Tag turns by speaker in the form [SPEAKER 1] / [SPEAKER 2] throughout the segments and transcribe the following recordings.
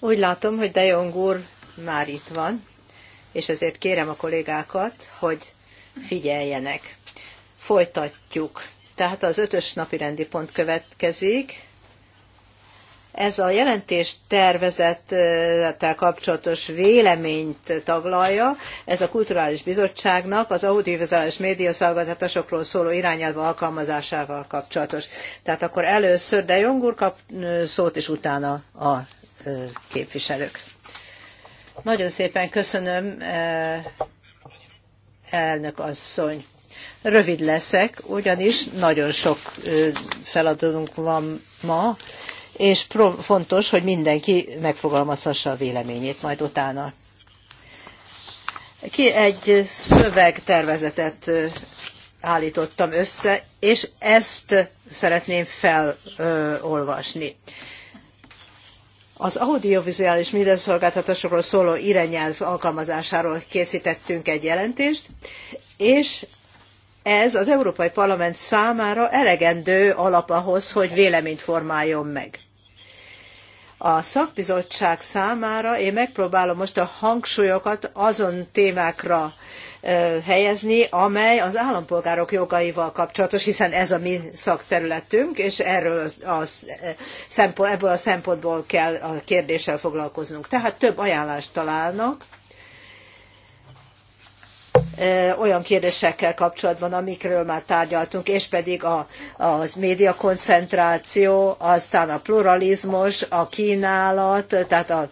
[SPEAKER 1] Úgy látom, hogy De Jong úr már itt van, és ezért kérem a kollégákat, hogy figyeljenek. Folytatjuk. Tehát az ötös napi rendi pont következik. Ez a jelentés tervezettel kapcsolatos véleményt taglalja. Ez a Kulturális Bizottságnak az audiovizuális médiaszolgáltatásokról szóló irányelv alkalmazásával kapcsolatos. Tehát akkor először de Jong úr kap szót, és utána a képviselők. Nagyon szépen köszönöm, elnök asszony. Rövid leszek, ugyanis nagyon sok feladatunk van ma, és fontos, hogy mindenki megfogalmazhassa a véleményét majd utána. Ki egy szövegtervezetet állítottam össze, és ezt szeretném felolvasni. Az audiovizuális médiaszolgáltatásokról szóló irányelv alkalmazásáról készítettünk egy jelentést, és ez az Európai Parlament számára elegendő alap ahhoz, hogy véleményt formáljon meg. A szakbizottság számára én megpróbálom most a hangsúlyokat azon témákra helyezni, amely az állampolgárok jogaival kapcsolatos, hiszen ez a mi szakterületünk, és erről a szempont, ebből a szempontból kell a kérdéssel foglalkoznunk. Tehát több ajánlást találnak, olyan kérdésekkel kapcsolatban, amikről már tárgyaltunk, és pedig a, az médiakoncentráció, aztán a pluralizmus, a kínálat, tehát a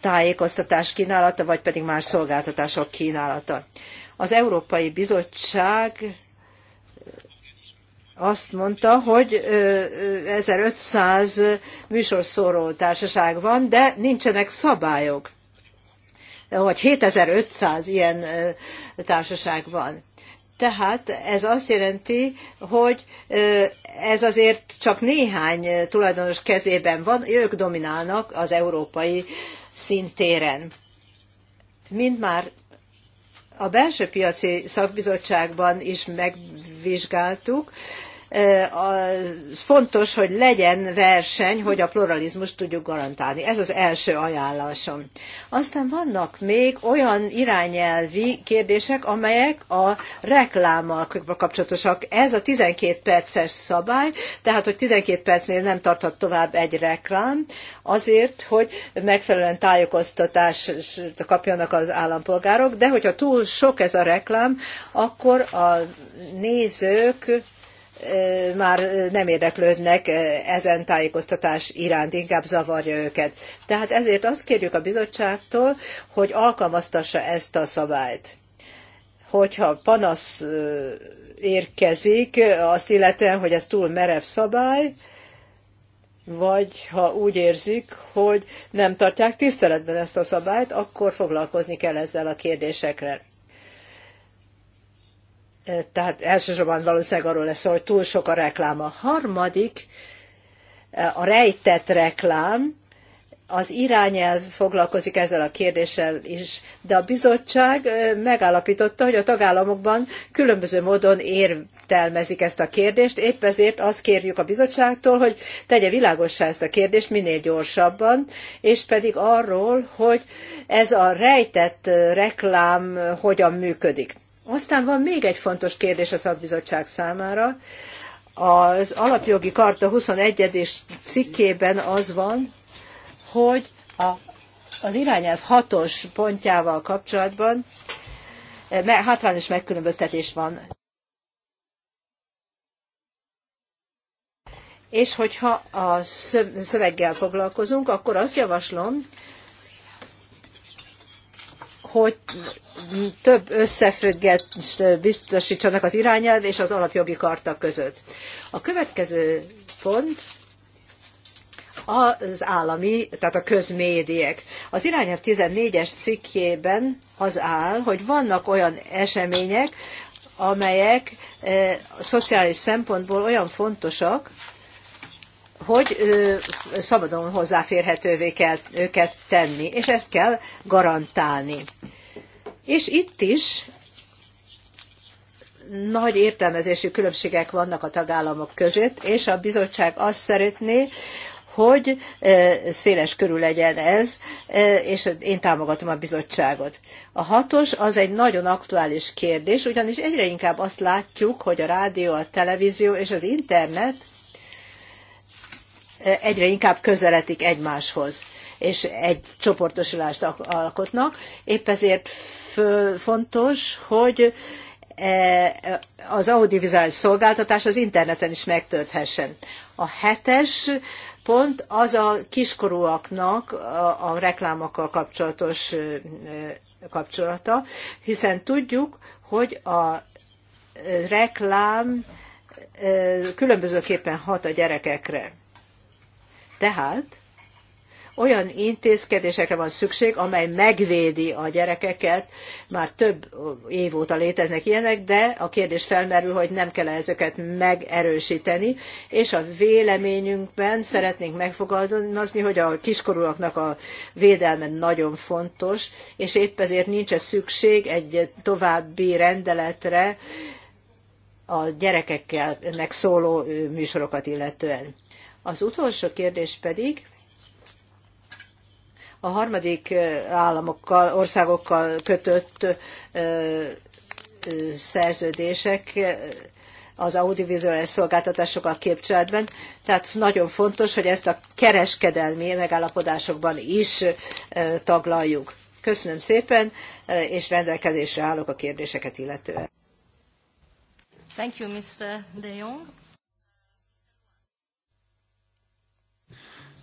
[SPEAKER 1] tájékoztatás kínálata, vagy pedig más szolgáltatások kínálata. Az Európai Bizottság azt mondta, hogy 1500 műsorszóró társaság van, de nincsenek szabályok vagy 7500 ilyen társaság van. Tehát ez azt jelenti, hogy ez azért csak néhány tulajdonos kezében van, ők dominálnak az európai szintéren. Mint már a belső piaci szakbizottságban is megvizsgáltuk, az fontos, hogy legyen verseny, hogy a pluralizmust tudjuk garantálni. Ez az első ajánlásom. Aztán vannak még olyan irányelvi kérdések, amelyek a reklámmal kapcsolatosak. Ez a 12 perces szabály, tehát hogy 12 percnél nem tarthat tovább egy reklám, azért, hogy megfelelően tájékoztatást kapjanak az állampolgárok, de hogyha túl sok ez a reklám, akkor a nézők már nem érdeklődnek ezen tájékoztatás iránt, inkább zavarja őket. Tehát ezért azt kérjük a bizottságtól, hogy alkalmaztassa ezt a szabályt. Hogyha panasz érkezik, azt illetően, hogy ez túl merev szabály, vagy ha úgy érzik, hogy nem tartják tiszteletben ezt a szabályt, akkor foglalkozni kell ezzel a kérdésekkel tehát elsősorban valószínűleg arról lesz, hogy túl sok a reklám. A harmadik, a rejtett reklám, az irányelv foglalkozik ezzel a kérdéssel is, de a bizottság megállapította, hogy a tagállamokban különböző módon értelmezik ezt a kérdést, épp ezért azt kérjük a bizottságtól, hogy tegye világossá ezt a kérdést minél gyorsabban, és pedig arról, hogy ez a rejtett reklám hogyan működik. Aztán van még egy fontos kérdés a szakbizottság számára. Az alapjogi karta 21. cikkében az van, hogy a, az irányelv hatos pontjával kapcsolatban e, me, hátrányos megkülönböztetés van. És hogyha a szöveggel foglalkozunk, akkor azt javaslom, hogy több összefüggést biztosítsanak az irányelv és az alapjogi karta között. A következő pont az állami, tehát a közmédiek. Az irányelv 14-es cikkében az áll, hogy vannak olyan események, amelyek e, szociális szempontból olyan fontosak, hogy szabadon hozzáférhetővé kell őket tenni, és ezt kell garantálni. És itt is nagy értelmezési különbségek vannak a tagállamok között, és a bizottság azt szeretné, hogy széles körül legyen ez, és én támogatom a bizottságot. A hatos az egy nagyon aktuális kérdés, ugyanis egyre inkább azt látjuk, hogy a rádió, a televízió és az internet egyre inkább közeledik egymáshoz, és egy csoportosulást alkotnak. Épp ezért fontos, hogy e, az audiovizuális szolgáltatás az interneten is megtörthessen. A hetes pont az a kiskorúaknak a, a reklámokkal kapcsolatos kapcsolata, hiszen tudjuk, hogy a reklám különbözőképpen hat a gyerekekre. Tehát olyan intézkedésekre van szükség, amely megvédi a gyerekeket. Már több év óta léteznek ilyenek, de a kérdés felmerül, hogy nem kell ezeket megerősíteni, és a véleményünkben szeretnénk megfogalmazni, hogy a kiskorúaknak a védelme nagyon fontos, és épp ezért nincs -e szükség egy további rendeletre a gyerekeknek szóló műsorokat illetően az utolsó kérdés pedig a harmadik államokkal, országokkal kötött szerződések az audiovizuális szolgáltatásokkal képcsolatban. Tehát nagyon fontos, hogy ezt a kereskedelmi megállapodásokban is taglaljuk. Köszönöm szépen, és rendelkezésre állok a kérdéseket illetően.
[SPEAKER 2] Thank you, Mr. De Jong.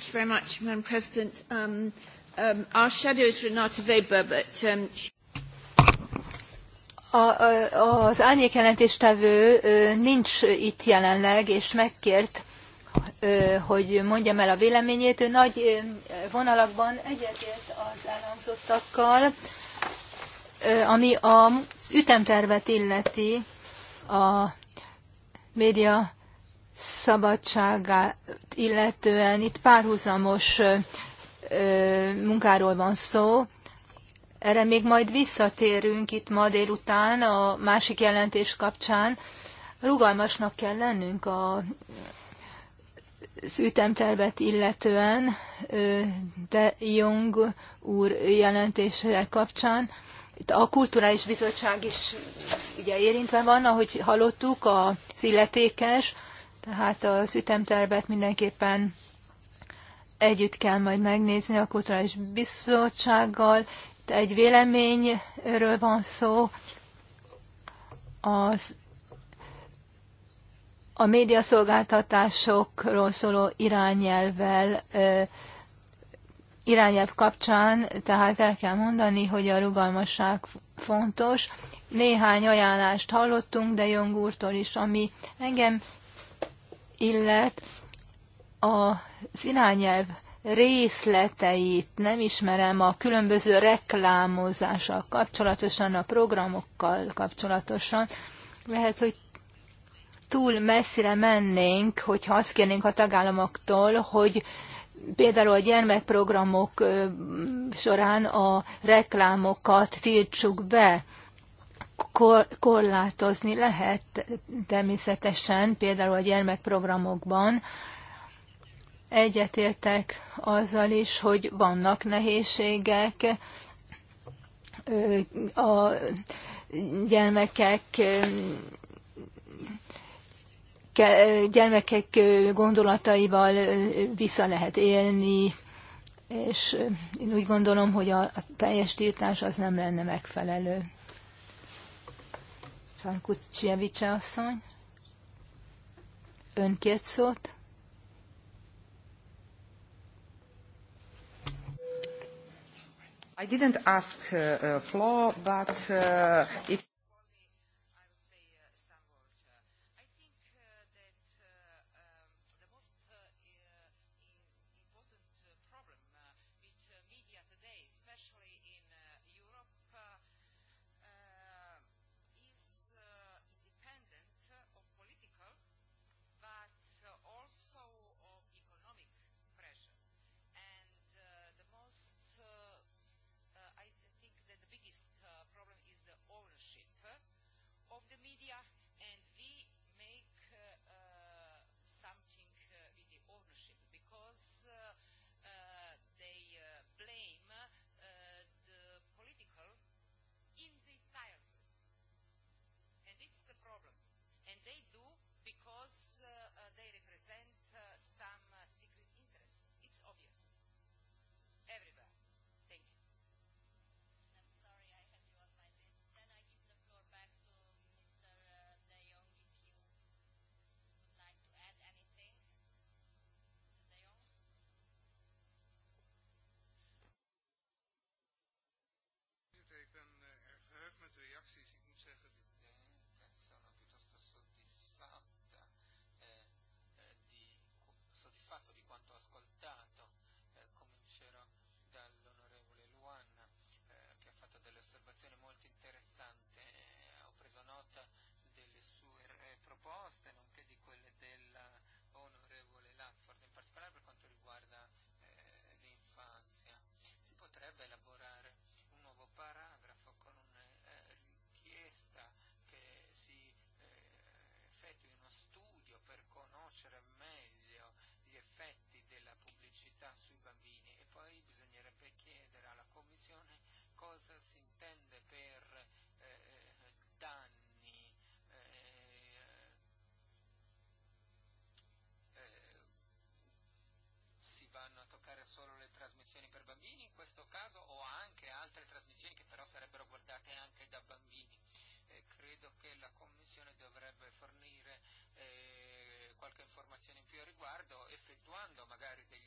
[SPEAKER 2] Thank you very much, Madam President. Um, um, our shadow is Renata Weber, but um, she
[SPEAKER 3] a, a, az árnyékjelentéstevő nincs itt jelenleg, és megkért, hogy mondjam el a véleményét. Ő nagy vonalakban egyetért az elhangzottakkal, ami a ütemtervet illeti a média szabadságát illetően itt párhuzamos munkáról van szó. Erre még majd visszatérünk itt ma délután a másik jelentés kapcsán. Rugalmasnak kell lennünk a, az ütemtervet illetően de Jung úr jelentésre kapcsán. Itt a Kulturális Bizottság is ugye érintve van, ahogy hallottuk, az illetékes, tehát az ütemtervet mindenképpen együtt kell majd megnézni a Kulturális Bizottsággal. Itt egy véleményről van szó. Az a médiaszolgáltatásokról szóló irányelvvel irányelv kapcsán, tehát el kell mondani, hogy a rugalmasság fontos. Néhány ajánlást hallottunk de Jong úrtól is, ami engem illet az irányelv részleteit nem ismerem a különböző reklámozással kapcsolatosan, a programokkal kapcsolatosan. Lehet, hogy túl messzire mennénk, hogyha azt kérnénk a tagállamoktól, hogy például a gyermekprogramok során a reklámokat tiltsuk be kor- korlátozni lehet természetesen, például a gyermekprogramokban. Egyetértek azzal is, hogy vannak nehézségek, a gyermekek gyermekek gondolataival vissza lehet élni, és én úgy gondolom, hogy a teljes tiltás az nem lenne megfelelő. Sankucsievicse asszony. Ön két szót? I didn't
[SPEAKER 2] ask uh, uh floor, but uh, if
[SPEAKER 4] trasmissioni per bambini, in questo caso o anche altre trasmissioni che però sarebbero guardate anche da bambini. Eh, credo che la Commissione dovrebbe fornire eh, qualche informazione in più a riguardo, effettuando magari dei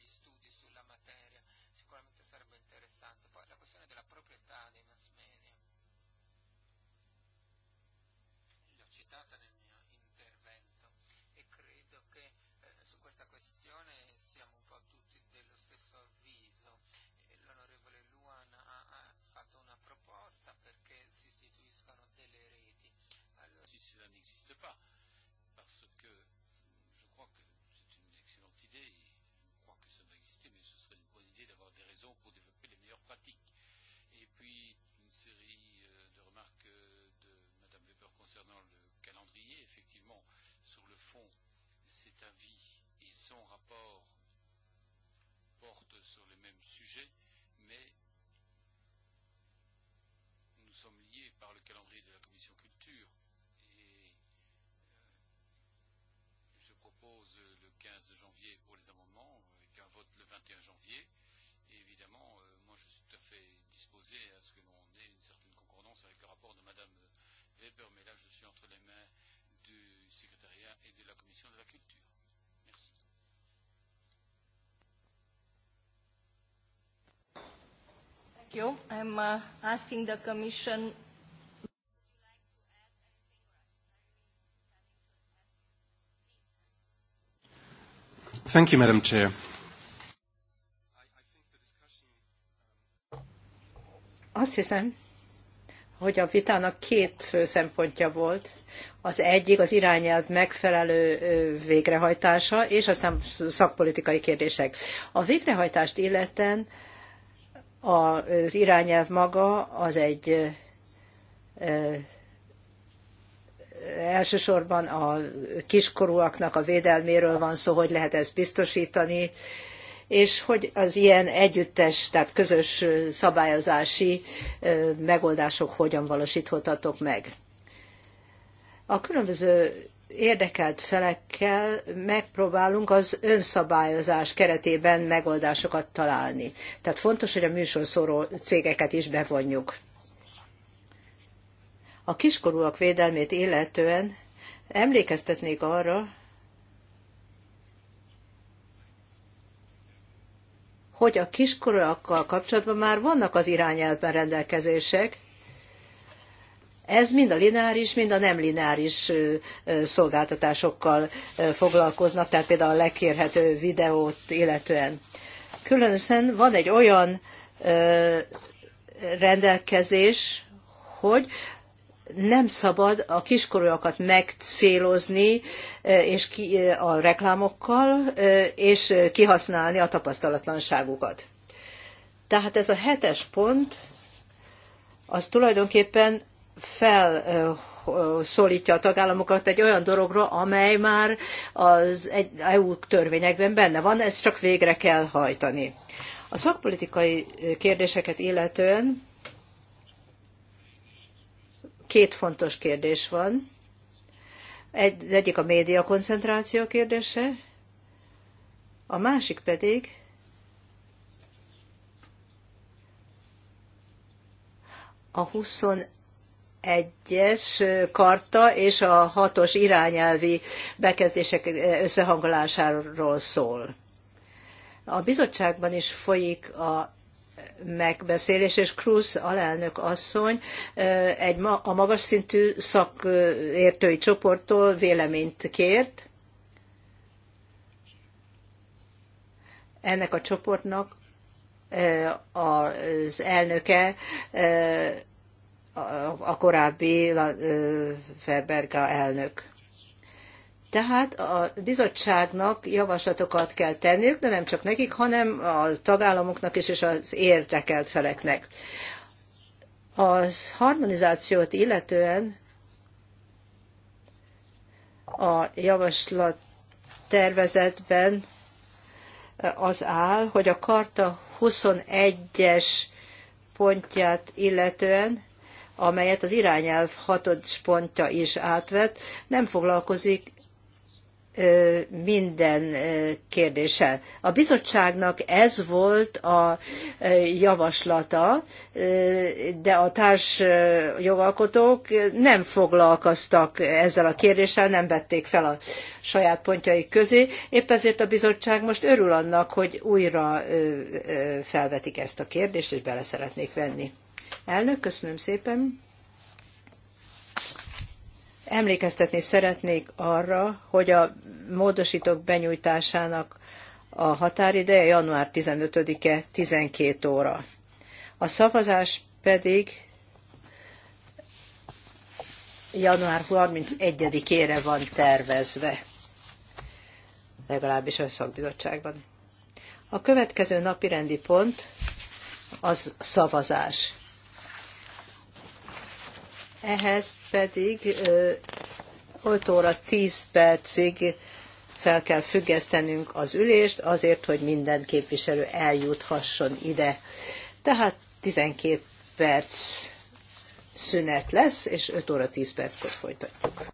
[SPEAKER 4] n'existe pas. Parce que je crois que c'est une excellente idée, et je crois que ça doit exister, mais ce serait une bonne idée d'avoir des raisons pour développer les meilleures pratiques. Et puis, une série euh, de remarques euh, de Mme Weber concernant le calendrier. Effectivement, sur le fond, cet avis et son rapport portent sur les mêmes sujets dossier. Et évidemment, euh, moi je suis tout à fait disposé à ce que l'on ait une certaine concordance avec le rapport de Madame euh, Weber, mais là je suis entre les mains du secrétariat et de la commission de la culture. Merci. Thank you. I'm uh,
[SPEAKER 3] asking the commission
[SPEAKER 5] Thank you, Madam Chair.
[SPEAKER 1] Azt hiszem, hogy a vitának két fő szempontja volt. Az egyik az irányelv megfelelő végrehajtása, és aztán szakpolitikai kérdések. A végrehajtást illeten az irányelv maga az egy elsősorban a kiskorúaknak a védelméről van szó, hogy lehet ezt biztosítani, és hogy az ilyen együttes, tehát közös szabályozási megoldások hogyan valósíthatók meg. A különböző érdekelt felekkel megpróbálunk az önszabályozás keretében megoldásokat találni. Tehát fontos, hogy a műsorszóró cégeket is bevonjuk. A kiskorúak védelmét illetően emlékeztetnék arra, hogy a kiskorúakkal kapcsolatban már vannak az irányelvben rendelkezések, ez mind a lineáris, mind a nem lineáris szolgáltatásokkal foglalkoznak, tehát például a lekérhető videót illetően. Különösen van egy olyan rendelkezés, hogy nem szabad a kiskorúakat megcélozni e, és ki, e, a reklámokkal, e, és kihasználni a tapasztalatlanságukat. Tehát ez a hetes pont, az tulajdonképpen fel a tagállamokat egy olyan dologra, amely már az EU törvényekben benne van, ezt csak végre kell hajtani. A szakpolitikai kérdéseket illetően két fontos kérdés van. Egy, az egyik a média koncentráció kérdése, a másik pedig a 21-es karta és a 6-os irányelvi bekezdések összehangolásáról szól. A bizottságban is folyik a megbeszélés, és Cruz alelnök asszony egy ma, a magas szintű szakértői csoporttól véleményt kért. Ennek a csoportnak az elnöke a korábbi Ferberga elnök. Tehát a bizottságnak javaslatokat kell tenniük, de nem csak nekik, hanem a tagállamoknak is és az érdekelt feleknek. A harmonizációt illetően a javaslat tervezetben az áll, hogy a Karta 21-es pontját illetően, amelyet az irányelv hatod pontja is átvet, nem foglalkozik minden kérdéssel. A bizottságnak ez volt a javaslata, de a társ jogalkotók nem foglalkoztak ezzel a kérdéssel, nem vették fel a saját pontjaik közé. Épp ezért a bizottság most örül annak, hogy újra felvetik ezt a kérdést, és bele szeretnék venni. Elnök, köszönöm szépen. Emlékeztetni szeretnék arra, hogy a módosítók benyújtásának a határideje január 15-e 12 óra. A szavazás pedig január 31-ére van tervezve, legalábbis a szakbizottságban. A következő napi rendi pont az szavazás. Ehhez pedig 5 óra 10 percig fel kell függesztenünk az ülést azért, hogy minden képviselő eljuthasson ide. Tehát 12 perc szünet lesz, és 5 óra 10 perckor folytatjuk.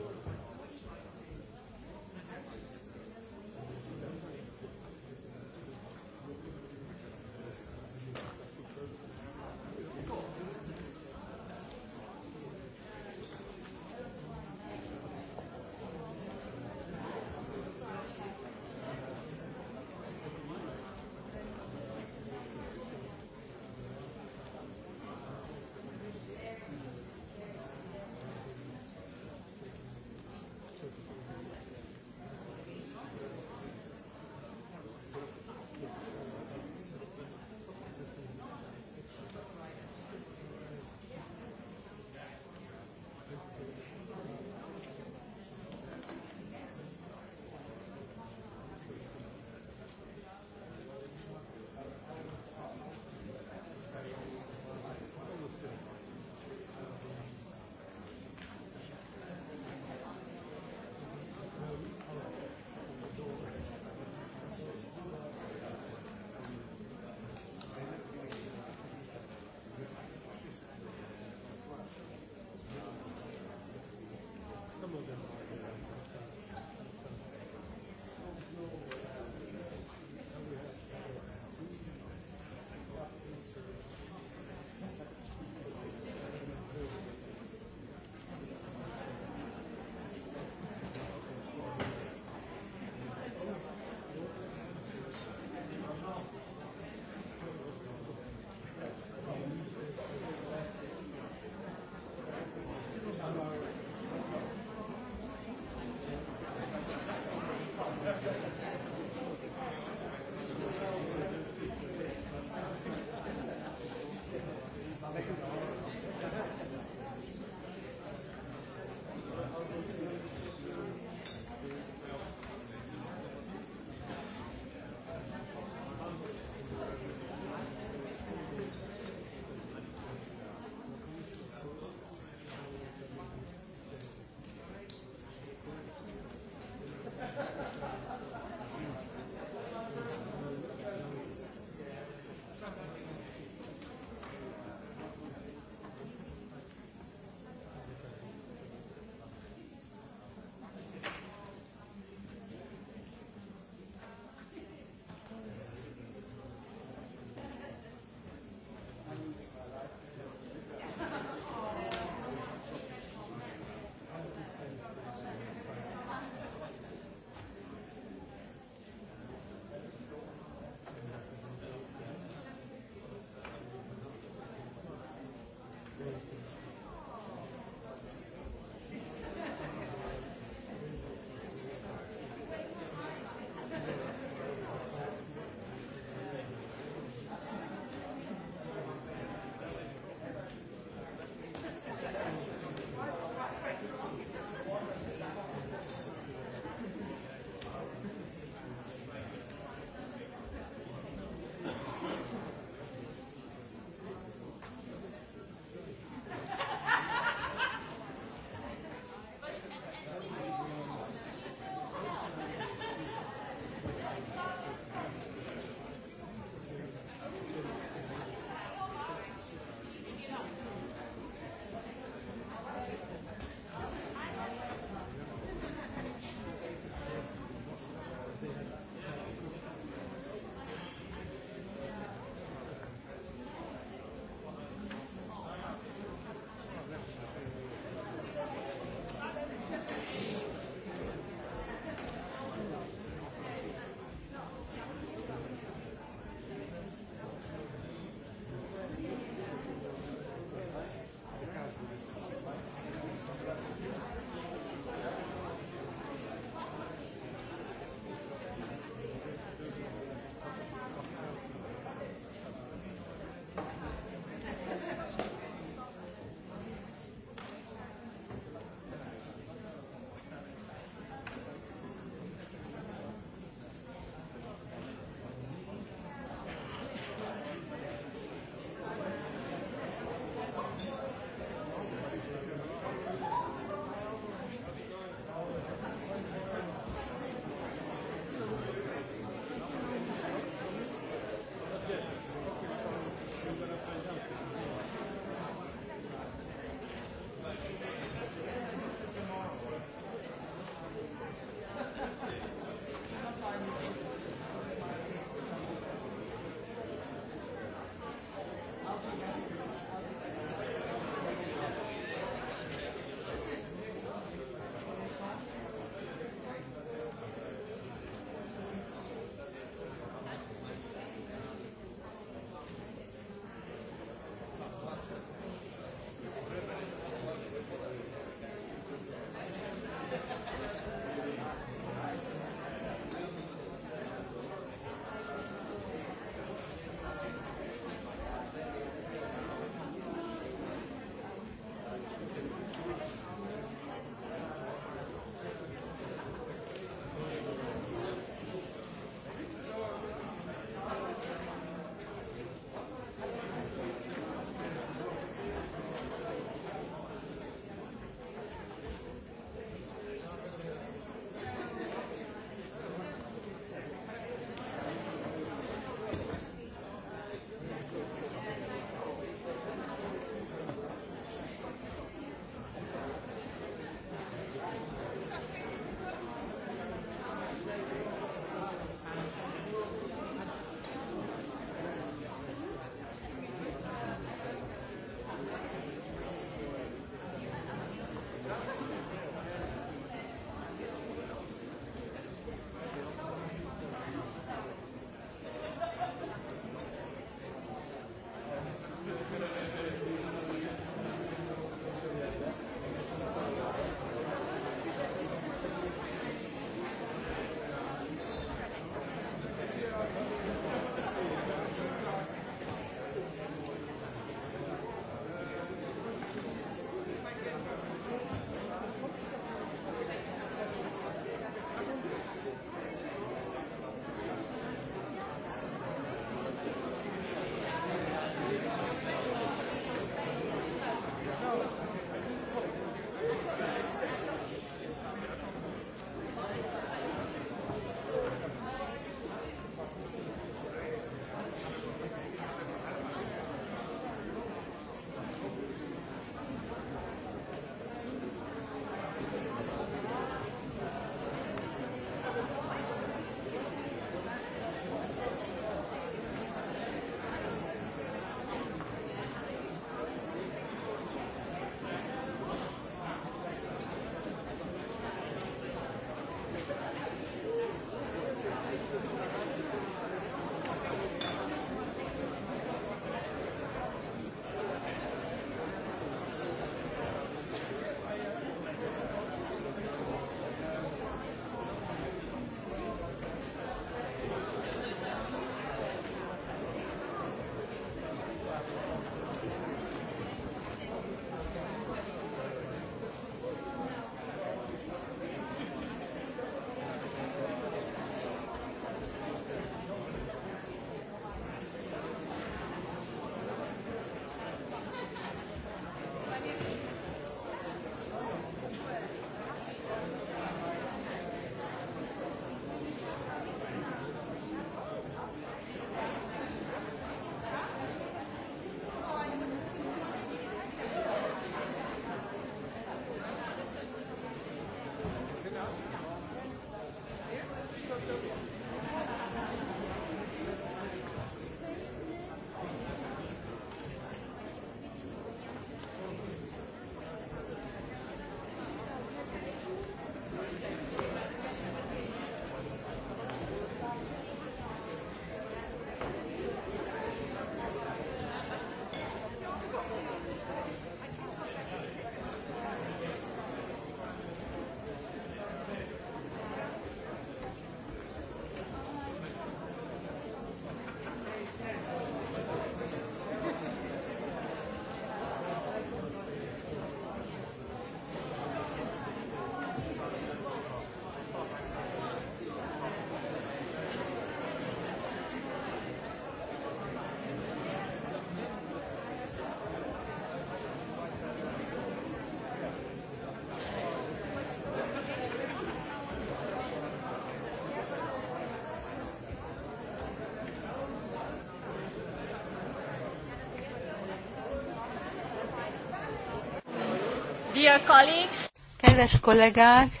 [SPEAKER 2] Dear colleagues.
[SPEAKER 3] Kedves kollégák,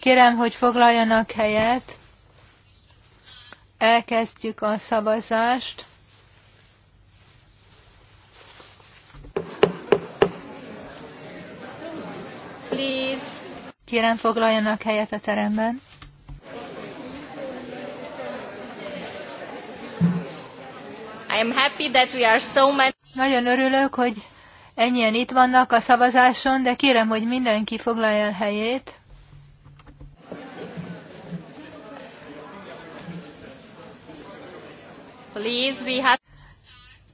[SPEAKER 3] kérem, hogy foglaljanak helyet. Elkezdjük a szavazást. Please. Kérem, foglaljanak helyet a teremben. I am happy that we are so many. Nagyon örülök, hogy Ennyien itt vannak a szavazáson, de kérem, hogy mindenki foglalja el helyét.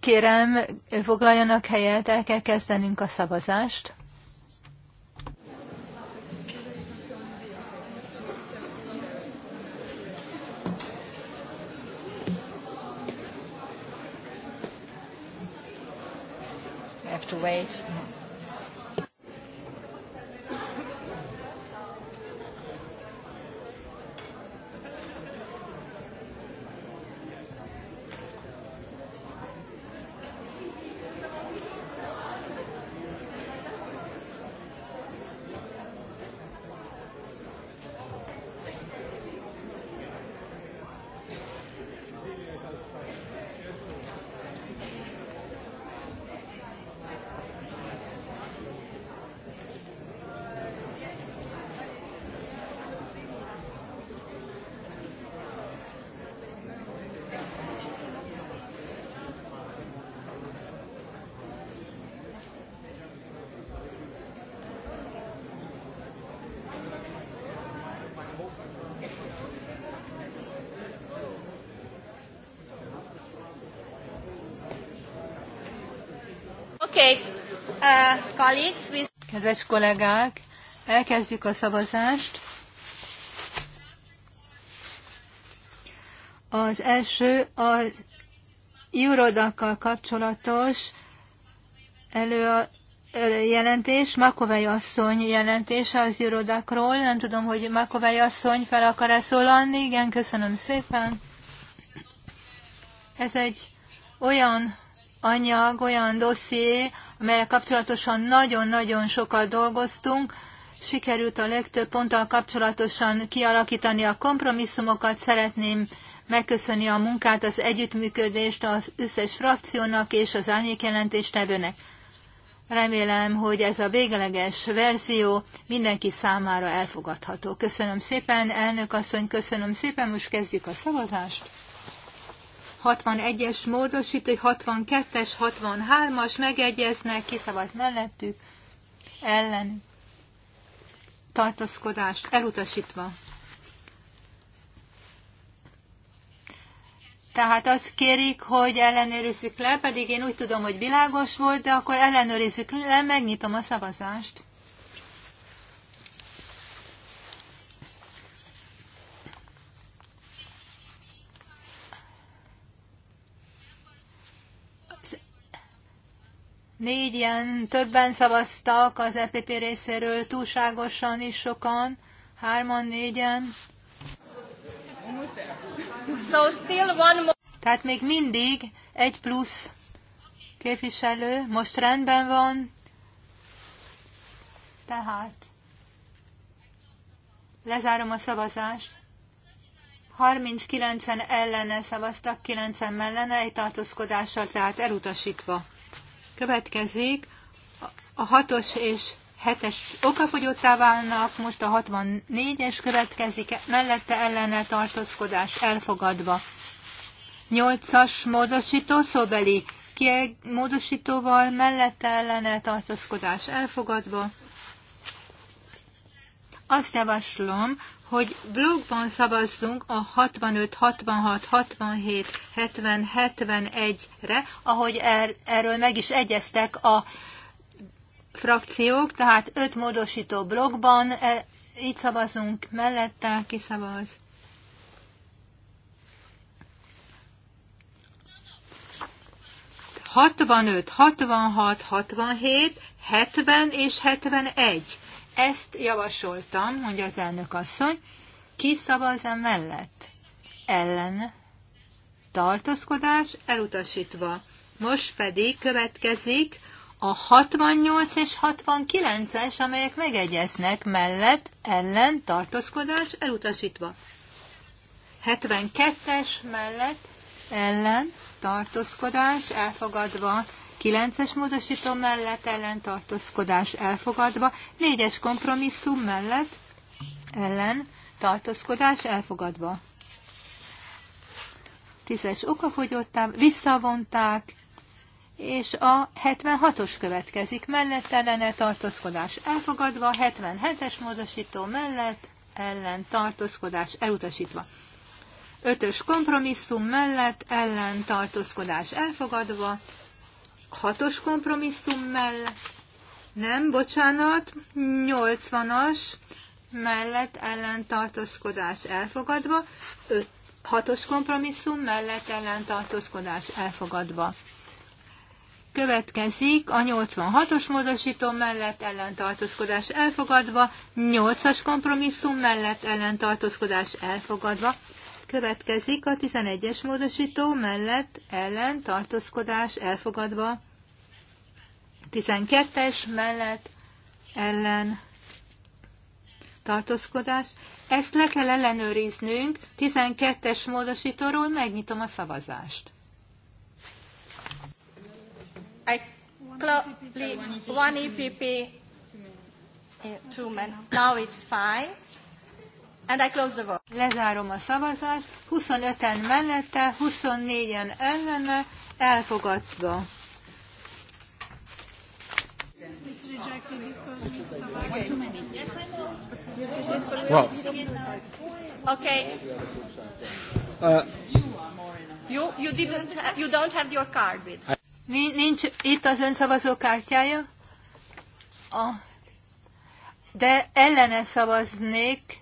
[SPEAKER 3] Kérem, foglaljanak helyet, el kell kezdenünk a szavazást.
[SPEAKER 2] to wait. Mm.
[SPEAKER 3] Kedves kollégák, elkezdjük a szavazást. Az első a Jurodakkal kapcsolatos elő jelentés, Makovei asszony jelentése az Jurodakról. Nem tudom, hogy Makovei asszony fel akar-e szólalni. Igen, köszönöm szépen. Ez egy olyan anyag, olyan dosszié, amelyel kapcsolatosan nagyon-nagyon sokat dolgoztunk, sikerült a legtöbb ponttal kapcsolatosan kialakítani a kompromisszumokat. Szeretném megköszönni a munkát, az együttműködést az összes frakciónak és az árnyékjelentéstevőnek. Remélem, hogy ez a végleges verzió mindenki számára elfogadható. Köszönöm szépen, elnök asszony, köszönöm szépen, most kezdjük a szavazást. 61-es módosító, 62-es, 63-as megegyeznek, kiszavaz mellettük, ellen tartózkodást elutasítva. Tehát azt kérik, hogy ellenőrizzük le, pedig én úgy tudom, hogy világos volt, de akkor ellenőrizzük le, megnyitom a szavazást. négyen, többen szavaztak az EPP részéről, túlságosan is sokan, hárman, négyen. So still one more. Tehát még mindig egy plusz képviselő, most rendben van, tehát lezárom a szavazást. 39-en ellene szavaztak, 90 mellene, egy tartózkodással, tehát elutasítva. Következik a 6-os és 7-es okafogyottá válnak, most a 64-es következik, mellette ellene tartózkodás elfogadva. 8-as módosító szóbeli kieg módosítóval mellette ellene tartózkodás elfogadva. Azt javaslom, hogy blogban szavazzunk a 65, 66, 67, 70, 71-re, ahogy er, erről meg is egyeztek a frakciók, tehát öt módosító blogban, e, így szavazunk mellette, kiszavaz. Hatvanöt, hatvanhat, hatvanhét, hetven és hetvenegy ezt javasoltam, mondja az elnök asszony. Ki szavaz mellett? Ellen. Tartózkodás elutasítva. Most pedig következik a 68 és 69-es, amelyek megegyeznek mellett, ellen, tartózkodás elutasítva. 72-es mellett, ellen, tartózkodás elfogadva. 9-es módosító mellett ellentartózkodás elfogadva, 4-es kompromisszum mellett ellentartózkodás elfogadva. 10-es okafogyottá visszavonták, és a 76-os következik mellett ellene tartózkodás elfogadva, 77-es módosító mellett ellen tartózkodás elutasítva. 5-ös kompromisszum mellett ellen tartózkodás elfogadva, hatos kompromisszum mellett, nem, bocsánat, 80-as mellett ellentartózkodás elfogadva, 6-os kompromisszum mellett ellentartózkodás elfogadva. Következik a 86-os módosító mellett ellentartózkodás elfogadva, 8-as kompromisszum mellett ellentartózkodás elfogadva, Következik a 11-es módosító mellett ellen tartózkodás elfogadva. 12-es mellett ellen tartózkodás. Ezt le kell ellenőriznünk. 12-es módosítóról megnyitom a szavazást.
[SPEAKER 2] I one EPP, two men.
[SPEAKER 3] Now it's fine. And I close the vote. Lezárom a szavazást. 25-en mellette, 24-en ellene, elfogadva.
[SPEAKER 2] Okay. Well. Okay. Uh, you you didn't you don't have your card with.
[SPEAKER 3] Nincs itt az ön szavazókártyája? Oh. Ah. de ellene szavaznék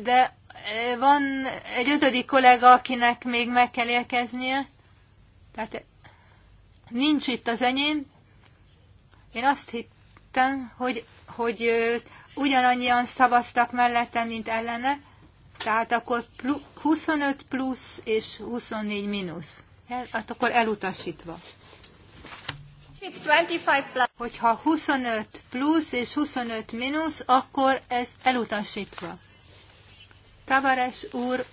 [SPEAKER 3] de eh, van egy ötödik kollega, akinek még meg kell érkeznie. Tehát nincs itt az enyém. Én azt hittem, hogy, hogy ugyanannyian szavaztak mellette, mint ellene. Tehát akkor 25 plusz és 24 mínusz. Hát akkor elutasítva. Hogyha 25 plusz és 25 mínusz, akkor ez elutasítva. Tavares úr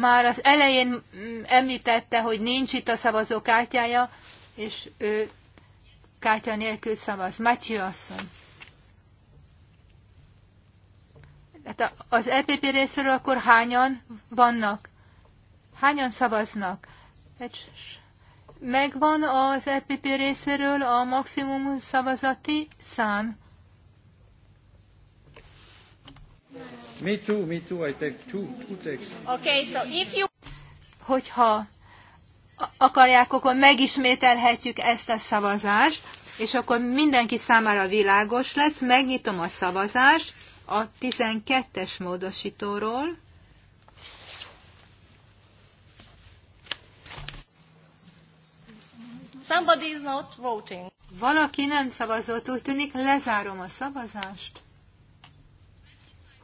[SPEAKER 3] már az elején mm, említette, hogy nincs itt a kártyája, és ő kártya nélkül szavaz. Matyi asszony. Hát az EPP részéről akkor hányan vannak? Hányan szavaznak? Hát megvan az EPP részéről a maximum szavazati szám. Me too, me
[SPEAKER 6] too, I take two, two texts. Okay,
[SPEAKER 3] so if you... Hogyha akarják, akkor megismételhetjük ezt a szavazást, és akkor mindenki számára világos lesz. Megnyitom a szavazást a 12-es módosítóról. Somebody is not voting. Valaki nem szavazott, úgy tűnik lezárom a szavazást.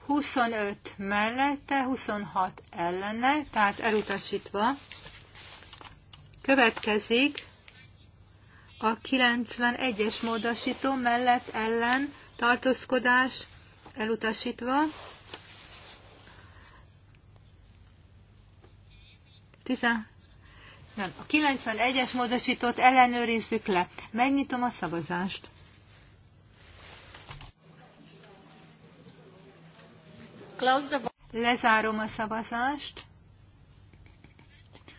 [SPEAKER 3] 25 mellette, 26 ellene, tehát elutasítva. Következik a 91-es módosító mellett ellen tartózkodás elutasítva. 10, nem, a 91-es módosítót ellenőrizzük le. Megnyitom a szavazást. Lezárom a szavazást.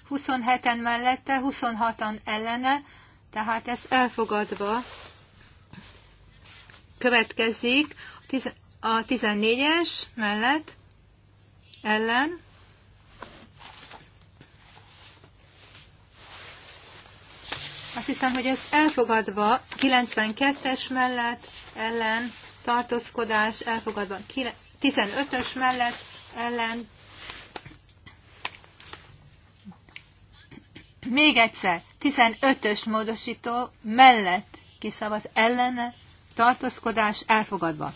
[SPEAKER 3] 27-en mellette, 26-an ellene, tehát ez elfogadva következik a 14-es mellett ellen. Azt hiszem, hogy ez elfogadva 92-es mellett ellen tartózkodás elfogadva 15-ös mellett ellen. Még egyszer, 15-ös módosító mellett kiszavaz ellene, tartózkodás elfogadva.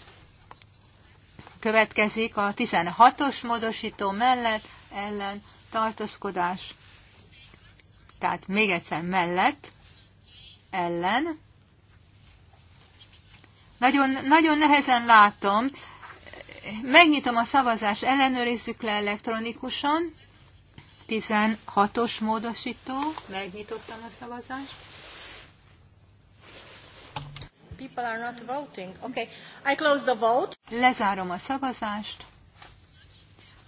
[SPEAKER 3] Következik a 16-os módosító mellett ellen tartózkodás. Tehát még egyszer mellett, ellen. Nagyon, nagyon nehezen látom, megnyitom a szavazás, ellenőrizzük le elektronikusan. 16-os módosító, megnyitottam a szavazást. People are not voting. Okay, I close the vote. Lezárom a szavazást.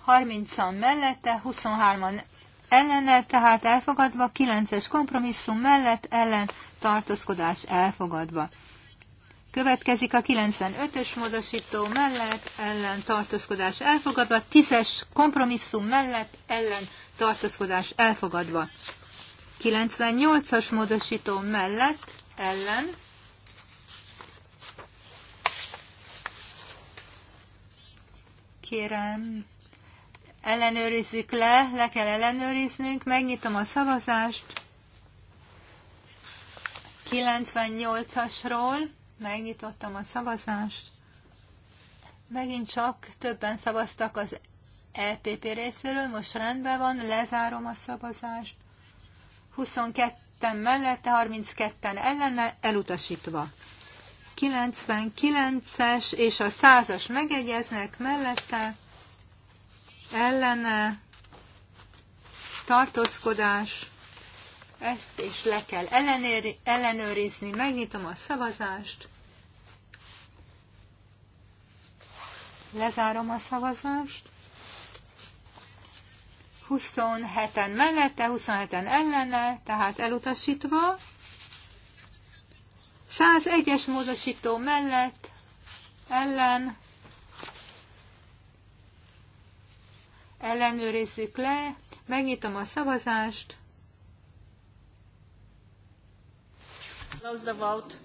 [SPEAKER 3] 30-an mellette, 23-an ellene, tehát elfogadva, 9-es kompromisszum mellett ellen tartózkodás elfogadva. Következik a 95-ös módosító mellett ellen tartózkodás elfogadva, 10-es kompromisszum mellett ellen tartózkodás elfogadva. 98-as módosító mellett ellen kérem ellenőrizzük le, le kell ellenőriznünk, megnyitom a szavazást 98-asról megnyitottam a szavazást. Megint csak többen szavaztak az EPP részéről, most rendben van, lezárom a szavazást. 22-en mellette, 32-en ellene, elutasítva. 99-es és a 100-as megegyeznek mellette, ellene, tartózkodás, ezt is le kell ellenőrizni, megnyitom a szavazást. Lezárom a szavazást. 27-en mellette, 27-en ellene, tehát elutasítva. 101-es módosító mellett, ellen, ellenőrizzük le, megnyitom a szavazást. Close the vote.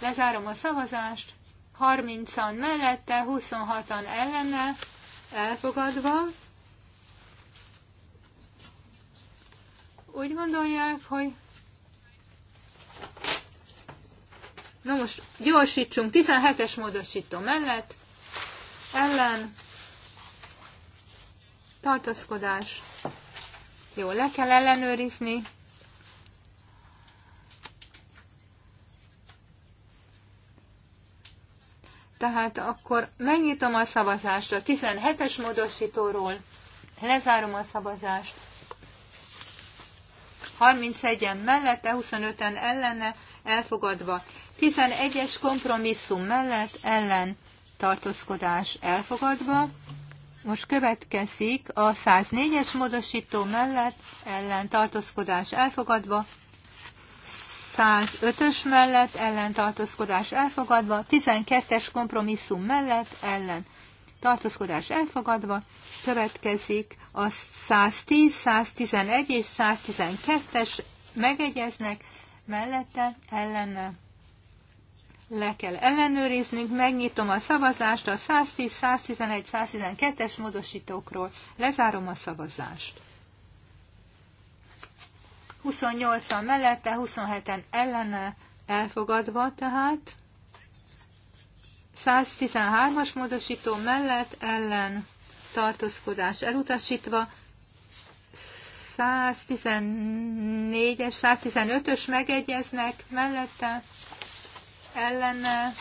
[SPEAKER 3] Lezárom a szavazást. 30-an mellette, 26-an ellene, elfogadva. Úgy gondolják, hogy Na most gyorsítsunk, 17-es módosító mellett, ellen, tartózkodás, jó, le kell ellenőrizni, Tehát akkor megnyitom a szavazást a 17-es módosítóról, lezárom a szavazást. 31-en mellette, 25-en ellene, elfogadva. 11-es kompromisszum mellett, ellen tartózkodás elfogadva. Most következik a 104-es módosító mellett, ellen tartózkodás elfogadva. 105-ös mellett ellen tartózkodás elfogadva, 12-es kompromisszum mellett ellen tartózkodás elfogadva, következik a 110, 111 és 112-es megegyeznek, mellette ellene le kell ellenőriznünk, megnyitom a szavazást a 110, 111, 112-es módosítókról, lezárom a szavazást. 28-an mellette, 27-en ellene elfogadva tehát. 113-as módosító mellett ellen tartózkodás elutasítva. 114-es, 115-ös megegyeznek mellette, ellene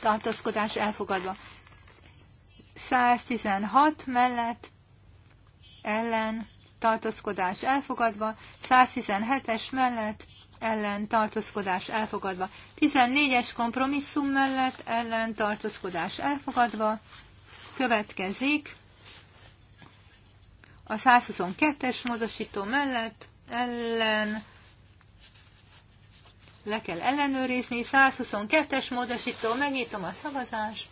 [SPEAKER 3] tartózkodás elfogadva. 116 mellett ellen tartózkodás elfogadva, 117-es mellett ellen tartózkodás elfogadva, 14-es kompromisszum mellett ellen tartózkodás elfogadva, következik a 122-es módosító mellett ellen le kell ellenőrizni, 122-es módosító, megnyitom a szavazást,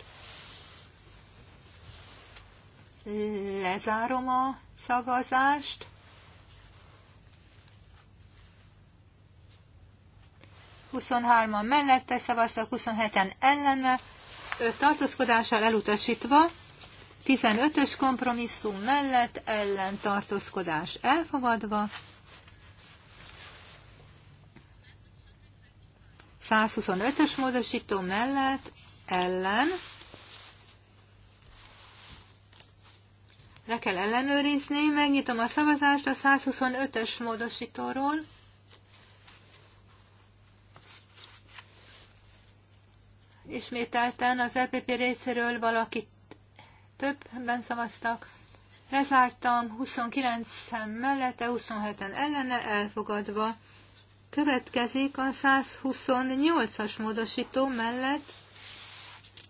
[SPEAKER 3] Lezárom a szavazást. Huszonhárman mellette szavaztak, 27-en ellene, tartózkodással elutasítva, 15-ös kompromisszum mellett ellen tartózkodás elfogadva, 125-ös módosító mellett ellen le kell ellenőrizni. Megnyitom a szavazást a 125-ös módosítóról. Ismételten az EPP részéről valakit többen szavaztak. Lezártam 29 szem mellette, 27-en ellene elfogadva. Következik a 128-as módosító mellett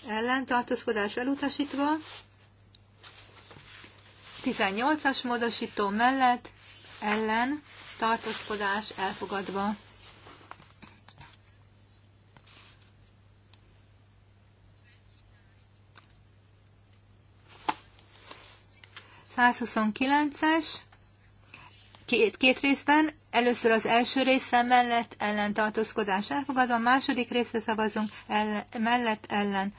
[SPEAKER 3] ellen tartózkodás elutasítva. 18-as módosító mellett ellen tartózkodás elfogadva. es két, két részben, először az első részre mellett ellen tartózkodás elfogadva, a második részre szavazunk ellen, mellett ellen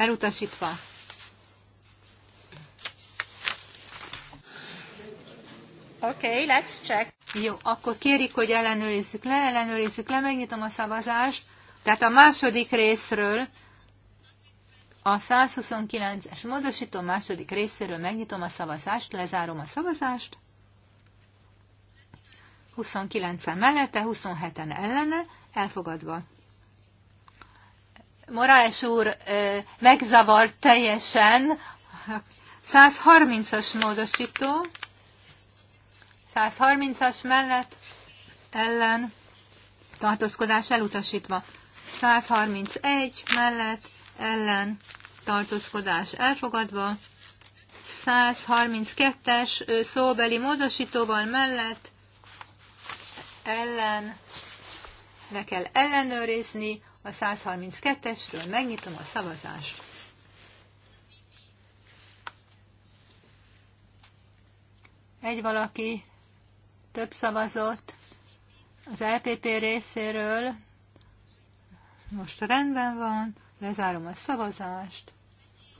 [SPEAKER 3] Elutasítva. Okay, let's check. Jó, akkor kérik, hogy ellenőrizzük le, ellenőrizzük le, megnyitom a szavazást. Tehát a második részről, a 129-es módosító második részéről megnyitom a szavazást, lezárom a szavazást. 29-en mellette, 27-en ellene, elfogadva. Morás úr megzavart teljesen. 130-as módosító. 130-as mellett ellen tartózkodás elutasítva. 131 mellett ellen tartózkodás elfogadva. 132-es szóbeli módosítóval mellett ellen le kell ellenőrizni, a 132-esről. Megnyitom a szavazást. Egy valaki több szavazott az LPP részéről. Most rendben van, lezárom a szavazást.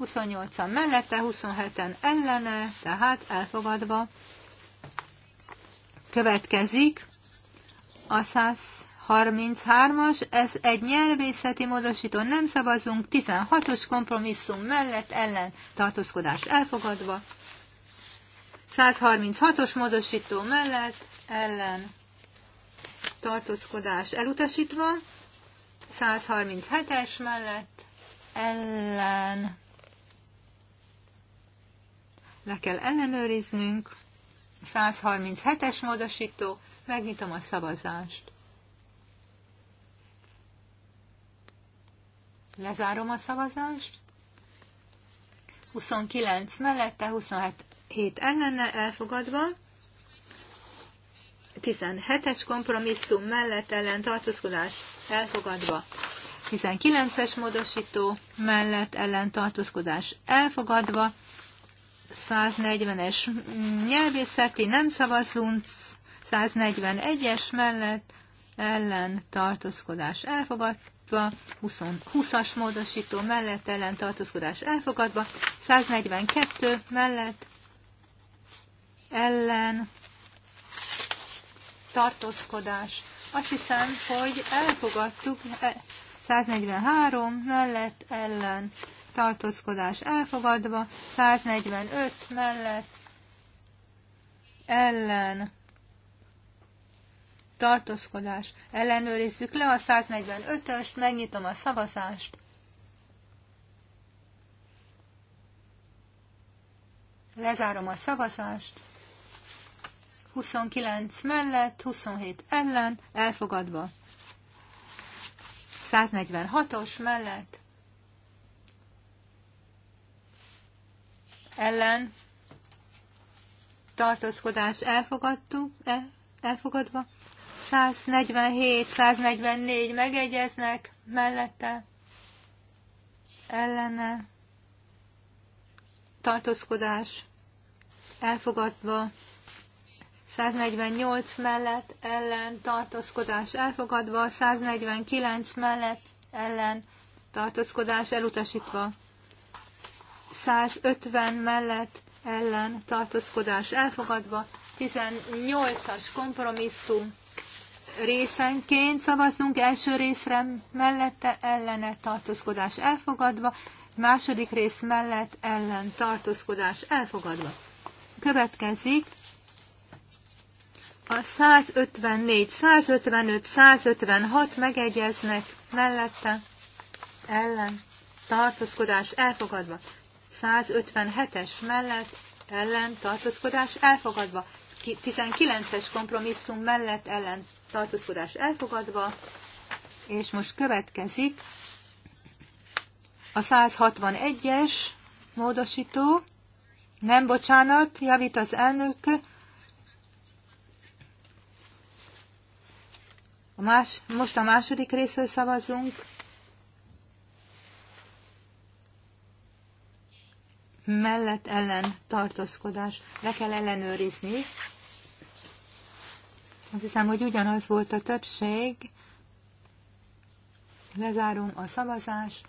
[SPEAKER 3] 28-an mellette, 27-en ellene, tehát elfogadva. Következik a 100 33-as, ez egy nyelvészeti módosító, nem szavazunk, 16-os kompromisszum mellett ellen tartózkodás elfogadva, 136-os módosító mellett ellen tartózkodás elutasítva, 137-es mellett ellen le kell ellenőriznünk, 137-es módosító, megnyitom a szavazást. Lezárom a szavazást. 29 mellette, 27 ellene elfogadva. 17-es kompromisszum mellett ellen tartózkodás elfogadva. 19-es módosító mellett ellen tartózkodás elfogadva. 140-es nyelvészeti nem szavazunk. 141-es mellett ellen tartózkodás elfogadva elfogadva, 20, as módosító mellett ellen tartózkodás elfogadva, 142 mellett ellen tartózkodás. Azt hiszem, hogy elfogadtuk 143 e, mellett ellen tartózkodás elfogadva, 145 mellett ellen tartózkodás. Ellenőrizzük le a 145-öst, megnyitom a szavazást. Lezárom a szavazást. 29 mellett, 27 ellen, elfogadva. 146-os mellett, ellen, tartózkodás elfogadtuk, el, elfogadva, 147, 144 megegyeznek mellette, ellene, tartózkodás, elfogadva, 148 mellett, ellen, tartózkodás, elfogadva, 149 mellett, ellen, tartózkodás, elutasítva, 150 mellett, ellen, tartózkodás, elfogadva, 18-as kompromisszum részenként szavazzunk, első részre mellette ellene tartózkodás elfogadva, második rész mellett ellen tartózkodás elfogadva. Következik a 154, 155, 156 megegyeznek mellette ellen tartózkodás elfogadva. 157-es mellett ellen tartózkodás elfogadva. 19-es kompromisszum mellett ellen tartózkodás elfogadva, és most következik a 161-es módosító, nem bocsánat, javít az elnök, a más, most a második részről szavazunk, mellett ellen tartózkodás, le kell ellenőrizni, azt hiszem, hogy ugyanaz volt a többség. Lezárom a szavazást.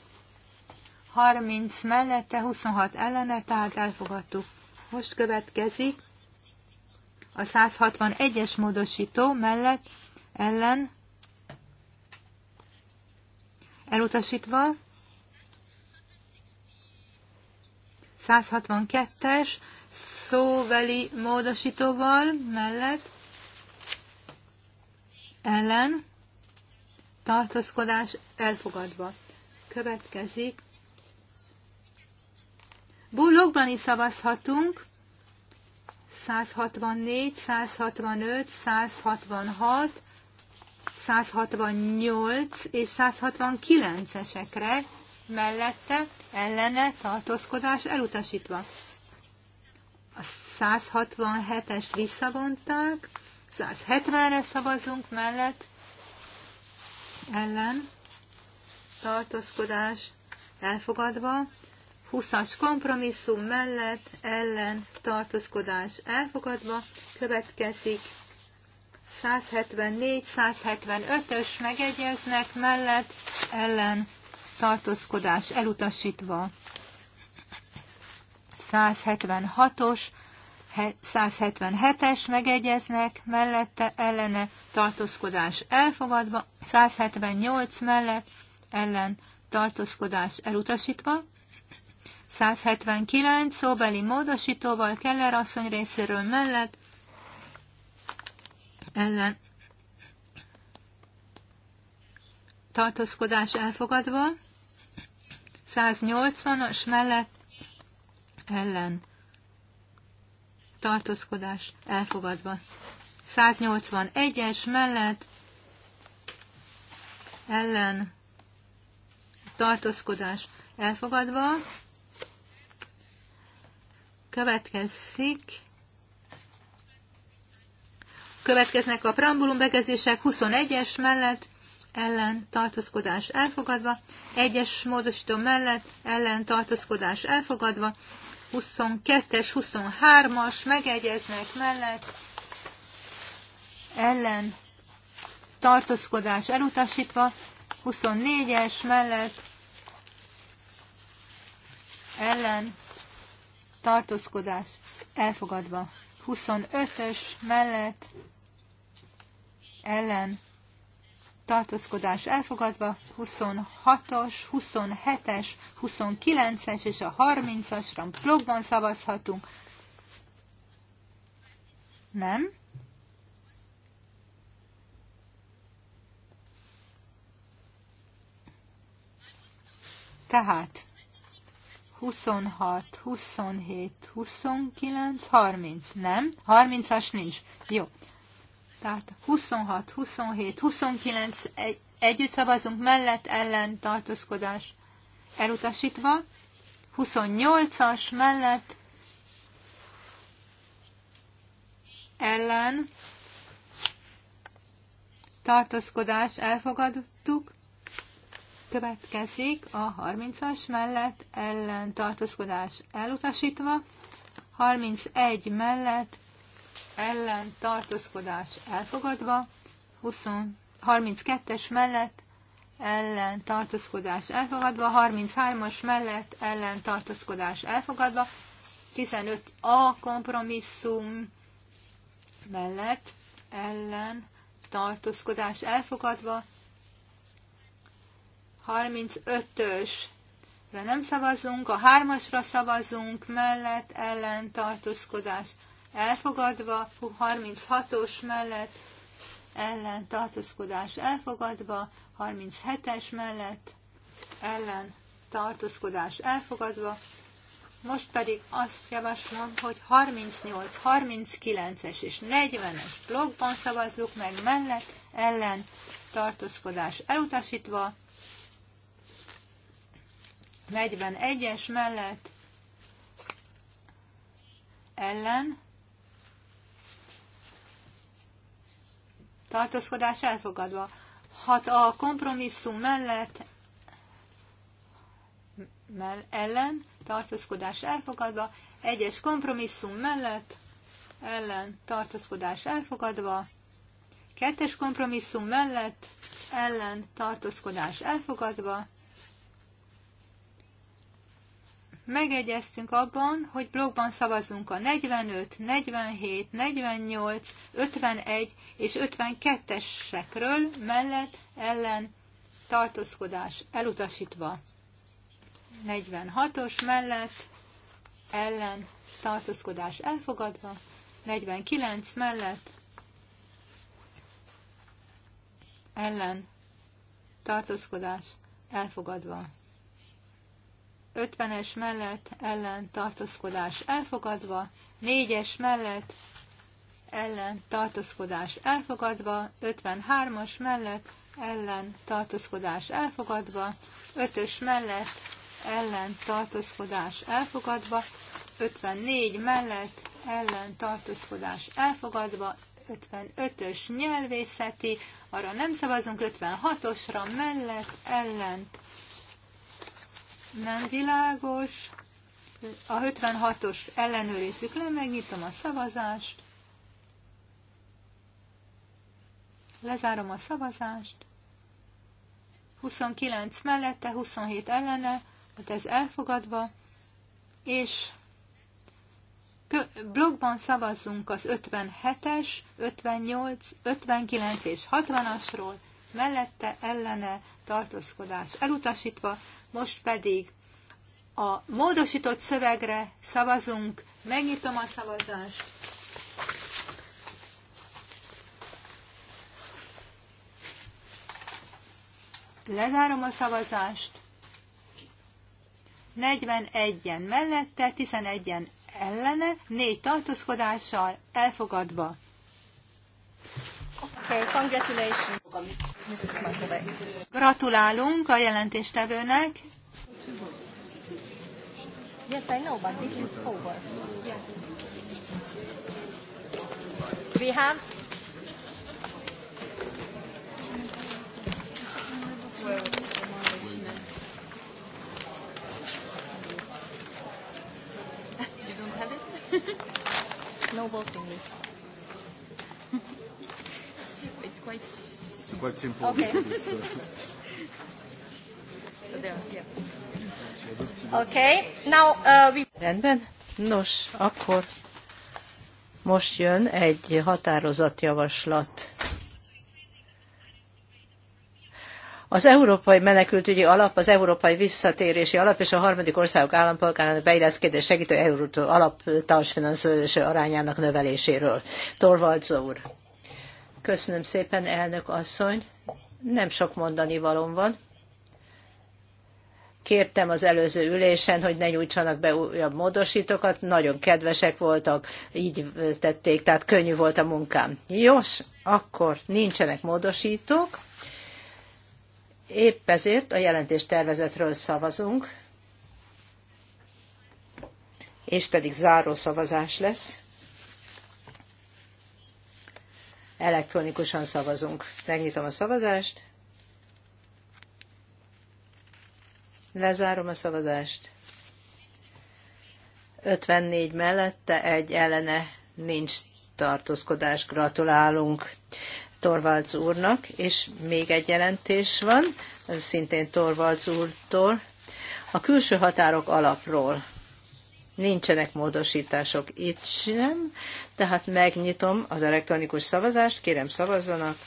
[SPEAKER 3] 30 mellette, 26 ellene, tehát elfogadtuk. Most következik a 161-es módosító mellett ellen elutasítva 162-es szóveli módosítóval mellett ellen tartózkodás elfogadva. Következik. Bullogban is szavazhatunk. 164, 165, 166, 168 és 169-esekre mellette ellene tartózkodás elutasítva. A 167-est visszavonták, 170-re szavazunk mellett, ellen, tartózkodás elfogadva, 20-as kompromisszum mellett, ellen, tartózkodás elfogadva, következik 174-175-ös megegyeznek mellett, ellen, tartózkodás elutasítva. 176-os 177-es megegyeznek, mellette ellene tartózkodás elfogadva, 178 mellett ellen tartózkodás elutasítva, 179 szóbeli módosítóval Keller asszony részéről mellett ellen tartózkodás elfogadva, 180-as mellett ellen tartózkodás elfogadva. 181-es mellett ellen tartózkodás elfogadva. Következik Következnek a prambulum bekezdések 21-es mellett ellen tartózkodás elfogadva, 1-es módosító mellett ellen tartózkodás elfogadva, 22-es, 23-as megegyeznek mellett ellen tartózkodás elutasítva, 24-es mellett ellen tartózkodás elfogadva, 25-ös mellett ellen tartózkodás elfogadva, 26-os, 27-es, 29-es és a 30-asra blogban szavazhatunk. Nem? Tehát 26, 27, 29, 30, nem? 30-as nincs. Jó. Tehát 26, 27, 29 egy, együtt szavazunk mellett ellen tartózkodás elutasítva. 28-as mellett ellen tartózkodás elfogadtuk. Következik a 30-as mellett ellen tartózkodás elutasítva. 31 mellett ellen tartózkodás elfogadva, 20, 32-es mellett ellen tartózkodás elfogadva, 33-as mellett ellen tartózkodás elfogadva, 15A kompromisszum mellett ellen tartózkodás elfogadva, 35-ös nem szavazunk, a 3-asra szavazunk, mellett ellen tartózkodás elfogadva, 36-os mellett ellen tartózkodás elfogadva, 37-es mellett ellen tartózkodás elfogadva, most pedig azt javaslom, hogy 38, 39-es és 40-es blogban szavazzuk meg mellett, ellen tartózkodás elutasítva, 41-es mellett ellen tartózkodás elfogadva. Hat a kompromisszum mellett mell ellen tartózkodás elfogadva, egyes kompromisszum mellett ellen tartózkodás elfogadva, kettes kompromisszum mellett ellen tartózkodás elfogadva. Megegyeztünk abban, hogy blogban szavazunk a 45, 47, 48, 51, és 52-esekről mellett ellen tartózkodás elutasítva. 46-os mellett ellen tartózkodás elfogadva, 49 mellett ellen tartózkodás elfogadva. 50-es mellett ellen tartózkodás elfogadva, 4-es mellett ellen tartózkodás elfogadva, 53-as mellett ellen tartózkodás elfogadva, 5-ös mellett ellen tartózkodás elfogadva, 54 mellett ellen tartózkodás elfogadva, 55-ös nyelvészeti, arra nem szavazunk, 56-osra mellett ellen nem világos, a 56-os ellenőrizzük le, megnyitom a szavazást, Lezárom a szavazást. 29 mellette, 27 ellene, hát ez elfogadva, és blogban szavazzunk az 57-es, 58, 59 és 60-asról, mellette ellene tartózkodás elutasítva, most pedig a módosított szövegre szavazunk, megnyitom a szavazást. Lezárom a szavazást. 41-en mellette, 11-en ellene, 4 tartózkodással elfogadva. Okay, congratulations. Gratulálunk a jelentéstevőnek.
[SPEAKER 2] Yes, I know, but this is over. We have you don't have it? no voting list. it's quite. It's quite simple. Okay. okay. Now uh, we. Rendben. Nos, akkor
[SPEAKER 1] most jön egy határozatjavaslat Az Európai Menekültügyi Alap, az Európai Visszatérési Alap és a harmadik országok állampolgárának beilleszkedés segítő euró alap társfinanszírozási arányának növeléséről. Torvalds úr. Köszönöm szépen, elnök asszony. Nem sok mondani valom van. Kértem az előző ülésen, hogy ne nyújtsanak be újabb módosítókat, nagyon kedvesek voltak, így tették, tehát könnyű volt a munkám. Jó, akkor nincsenek módosítók Épp ezért a jelentéstervezetről szavazunk, és pedig záró szavazás lesz. Elektronikusan szavazunk. Megnyitom a szavazást. Lezárom a szavazást. 54 mellette, egy ellene nincs tartózkodás. Gratulálunk Torvalds úrnak, és még egy jelentés van, szintén Torvalds úrtól, a külső határok alapról. Nincsenek módosítások itt sem, tehát megnyitom az elektronikus szavazást, kérem szavazzanak.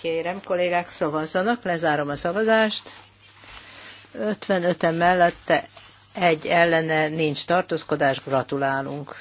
[SPEAKER 1] Kérem, kollégák, szavazzanak, lezárom a szavazást. 55-en mellette egy ellene nincs tartózkodás, gratulálunk.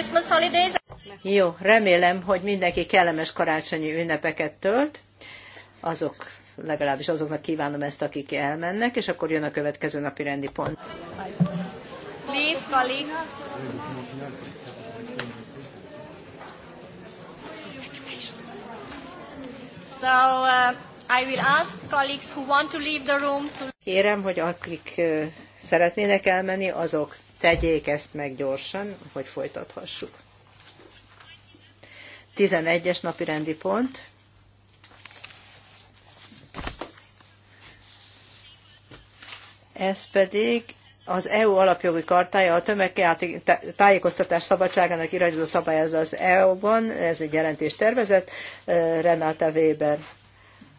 [SPEAKER 2] Christmas holidays.
[SPEAKER 1] Jó, remélem, hogy mindenki kellemes karácsonyi ünnepeket tölt. Azok, legalábbis azoknak kívánom ezt, akik elmennek, és akkor jön a következő napi rendi pont.
[SPEAKER 2] Please, colleagues. So, uh, I will ask colleagues who want to leave the room to... Kérem,
[SPEAKER 1] hogy akik uh, szeretnének elmenni, azok tegyék ezt meg gyorsan, hogy folytathassuk. 11-es napi rendi pont. Ez pedig az EU alapjogi kartája a tömegtájékoztatás szabadságának irányuló szabályozza az EU-ban, ez egy jelentés tervezet, Renata Weber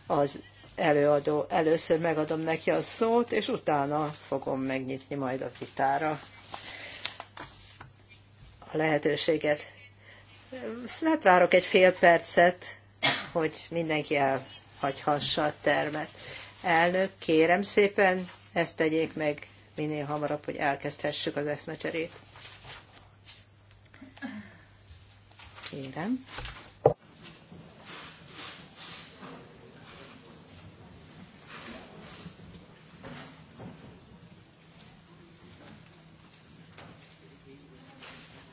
[SPEAKER 1] az előadó. Először megadom neki a szót, és utána fogom megnyitni majd a vitára a lehetőséget. Sznet várok egy fél percet, hogy mindenki elhagyhassa a termet. Elnök, kérem szépen, ezt tegyék meg minél hamarabb, hogy elkezdhessük az eszmecserét. Kérem.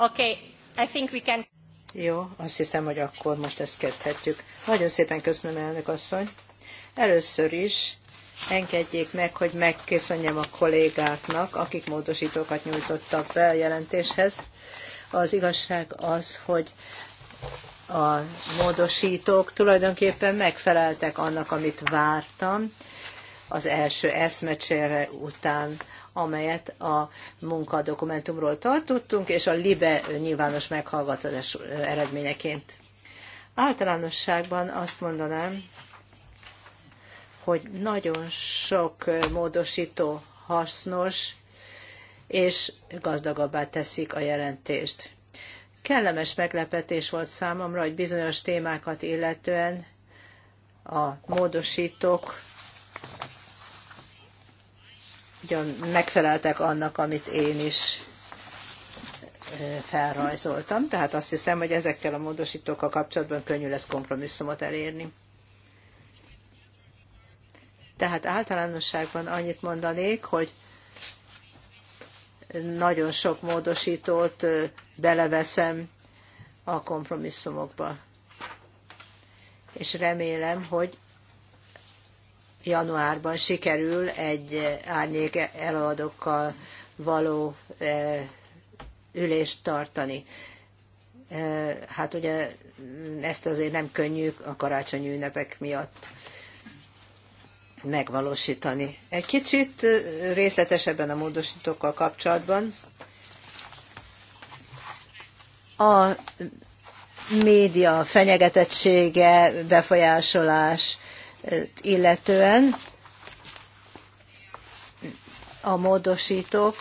[SPEAKER 2] Okay, I think we can...
[SPEAKER 1] Jó, azt hiszem, hogy akkor most ezt kezdhetjük. Nagyon szépen köszönöm, elnök asszony. Először is engedjék meg, hogy megköszönjem a kollégáknak, akik módosítókat nyújtottak be a jelentéshez. Az igazság az, hogy a módosítók tulajdonképpen megfeleltek annak, amit vártam az első eszmecsére után amelyet a munkadokumentumról tartottunk, és a LIBE nyilvános meghallgatás eredményeként. Általánosságban azt mondanám, hogy nagyon sok módosító hasznos, és gazdagabbá teszik a jelentést. Kellemes meglepetés volt számomra, hogy bizonyos témákat illetően a módosítók megfeleltek annak, amit én is felrajzoltam. Tehát azt hiszem, hogy ezekkel a módosítókkal kapcsolatban könnyű lesz kompromisszumot elérni. Tehát általánosságban annyit mondanék, hogy nagyon sok módosítót beleveszem a kompromisszumokba. És remélem, hogy januárban sikerül egy árnyék előadókkal való e, ülést tartani. E, hát ugye ezt azért nem könnyű a karácsonyi ünnepek miatt megvalósítani. Egy kicsit részletesebben a módosítókkal kapcsolatban. A média fenyegetettsége, befolyásolás, illetően a módosítók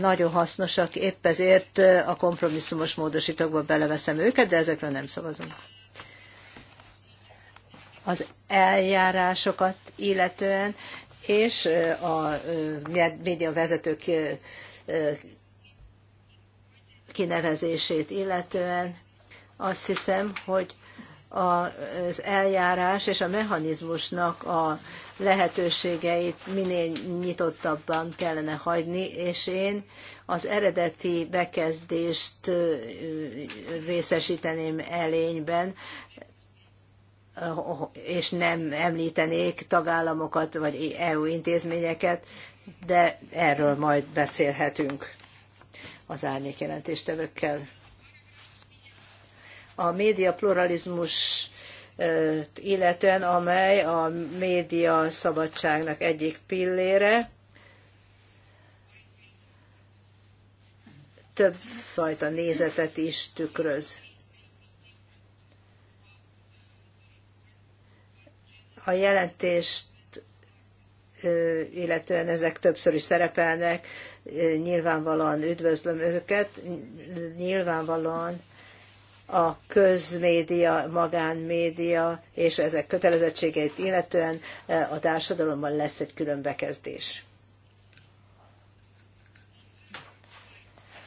[SPEAKER 1] nagyon hasznosak, épp ezért a kompromisszumos módosítókba beleveszem őket, de ezekről nem szavazunk. Az eljárásokat illetően és a média vezetők kinevezését illetően azt hiszem, hogy az eljárás és a mechanizmusnak a lehetőségeit minél nyitottabban kellene hagyni, és én az eredeti bekezdést részesíteném elényben, és nem említenék tagállamokat vagy EU intézményeket, de erről majd beszélhetünk az árnyékjelentéstevőkkel a média pluralizmus illetően, amely a média szabadságnak egyik pillére. Többfajta nézetet is tükröz. A jelentést illetően ezek többször is szerepelnek, nyilvánvalóan üdvözlöm őket, nyilvánvalóan a közmédia, magánmédia és ezek kötelezettségeit illetően eh, a társadalomban lesz egy külön bekezdés.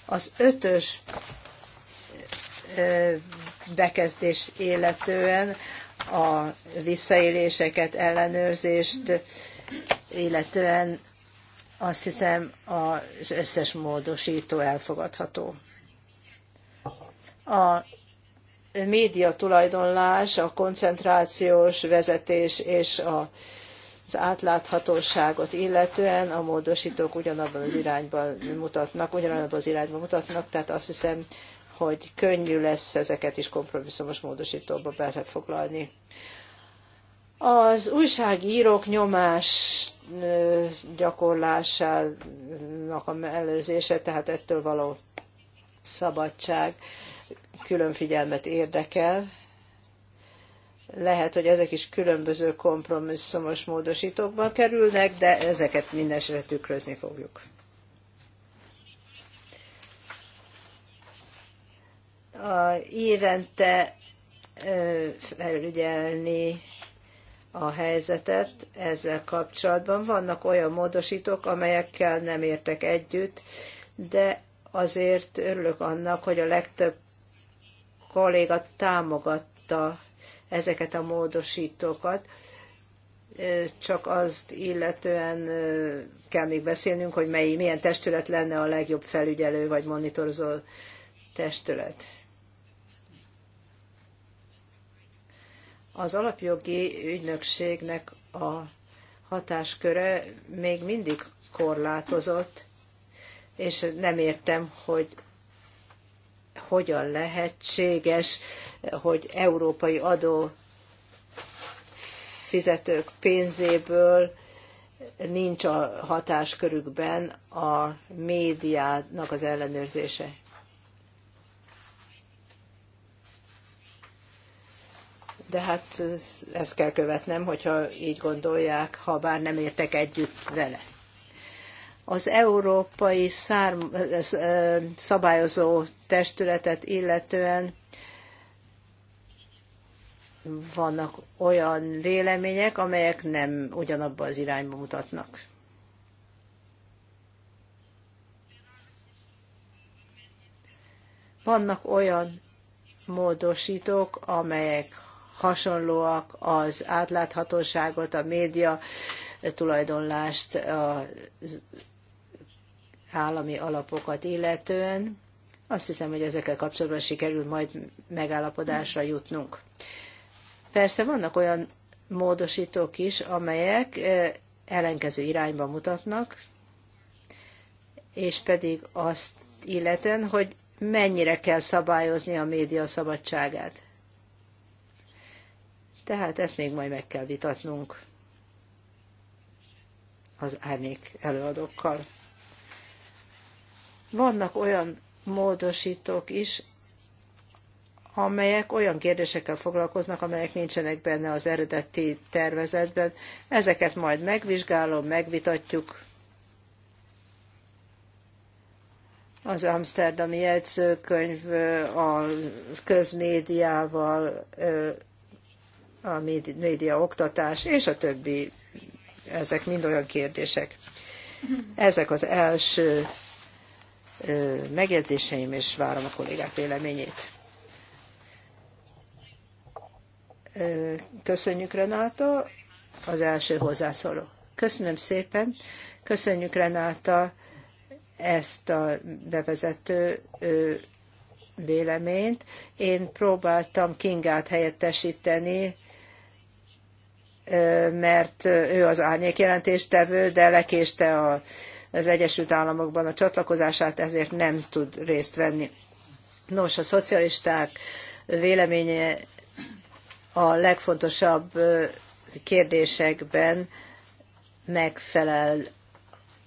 [SPEAKER 1] Az ötös eh, bekezdés illetően a visszaéléseket, ellenőrzést illetően azt hiszem az összes módosító elfogadható. A média tulajdonlás, a koncentrációs vezetés és a, az átláthatóságot illetően a módosítók ugyanabban az irányban mutatnak, ugyanabban az irányban mutatnak, tehát azt hiszem, hogy könnyű lesz ezeket is kompromisszumos módosítóba belefoglalni. Az újságírók nyomás gyakorlásának a mellőzése, tehát ettől való szabadság külön figyelmet érdekel. Lehet, hogy ezek is különböző kompromisszumos módosítókba kerülnek, de ezeket mindenesetre tükrözni fogjuk. A évente felügyelni a helyzetet ezzel kapcsolatban. Vannak olyan módosítók, amelyekkel nem értek együtt, de azért örülök annak, hogy a legtöbb kolléga támogatta ezeket a módosítókat, csak azt illetően kell még beszélnünk, hogy mely, milyen testület lenne a legjobb felügyelő vagy monitorozó testület. Az alapjogi ügynökségnek a hatásköre még mindig korlátozott, és nem értem, hogy hogyan lehetséges, hogy európai adó fizetők pénzéből nincs a hatáskörükben a médiának az ellenőrzése. De hát ezt kell követnem, hogyha így gondolják, ha bár nem értek együtt vele. Az európai szárm, szabályozó testületet illetően vannak olyan vélemények, amelyek nem ugyanabba az irányba mutatnak. Vannak olyan módosítók, amelyek hasonlóak az átláthatóságot, a média tulajdonlást, az állami alapokat illetően. Azt hiszem, hogy ezekkel kapcsolatban sikerül majd megállapodásra jutnunk. Persze vannak olyan módosítók is, amelyek e, ellenkező irányba mutatnak, és pedig azt illetően, hogy mennyire kell szabályozni a média szabadságát. Tehát ezt még majd meg kell vitatnunk az árnyék előadókkal. Vannak olyan módosítók is, amelyek olyan kérdésekkel foglalkoznak, amelyek nincsenek benne az eredeti tervezetben. Ezeket majd megvizsgálom, megvitatjuk. Az Amsterdami jegyzőkönyv a közmédiával, a média oktatás és a többi, ezek mind olyan kérdések. Ezek az első megjegyzéseim, és várom a kollégák véleményét. Köszönjük, Renáta, az első hozzászóló. Köszönöm szépen, köszönjük, Renáta, ezt a bevezető véleményt. Én próbáltam Kingát helyettesíteni, mert ő az árnyék tevő, de lekéste a az Egyesült Államokban a csatlakozását, ezért nem tud részt venni. Nos, a szocialisták véleménye a legfontosabb kérdésekben megfelel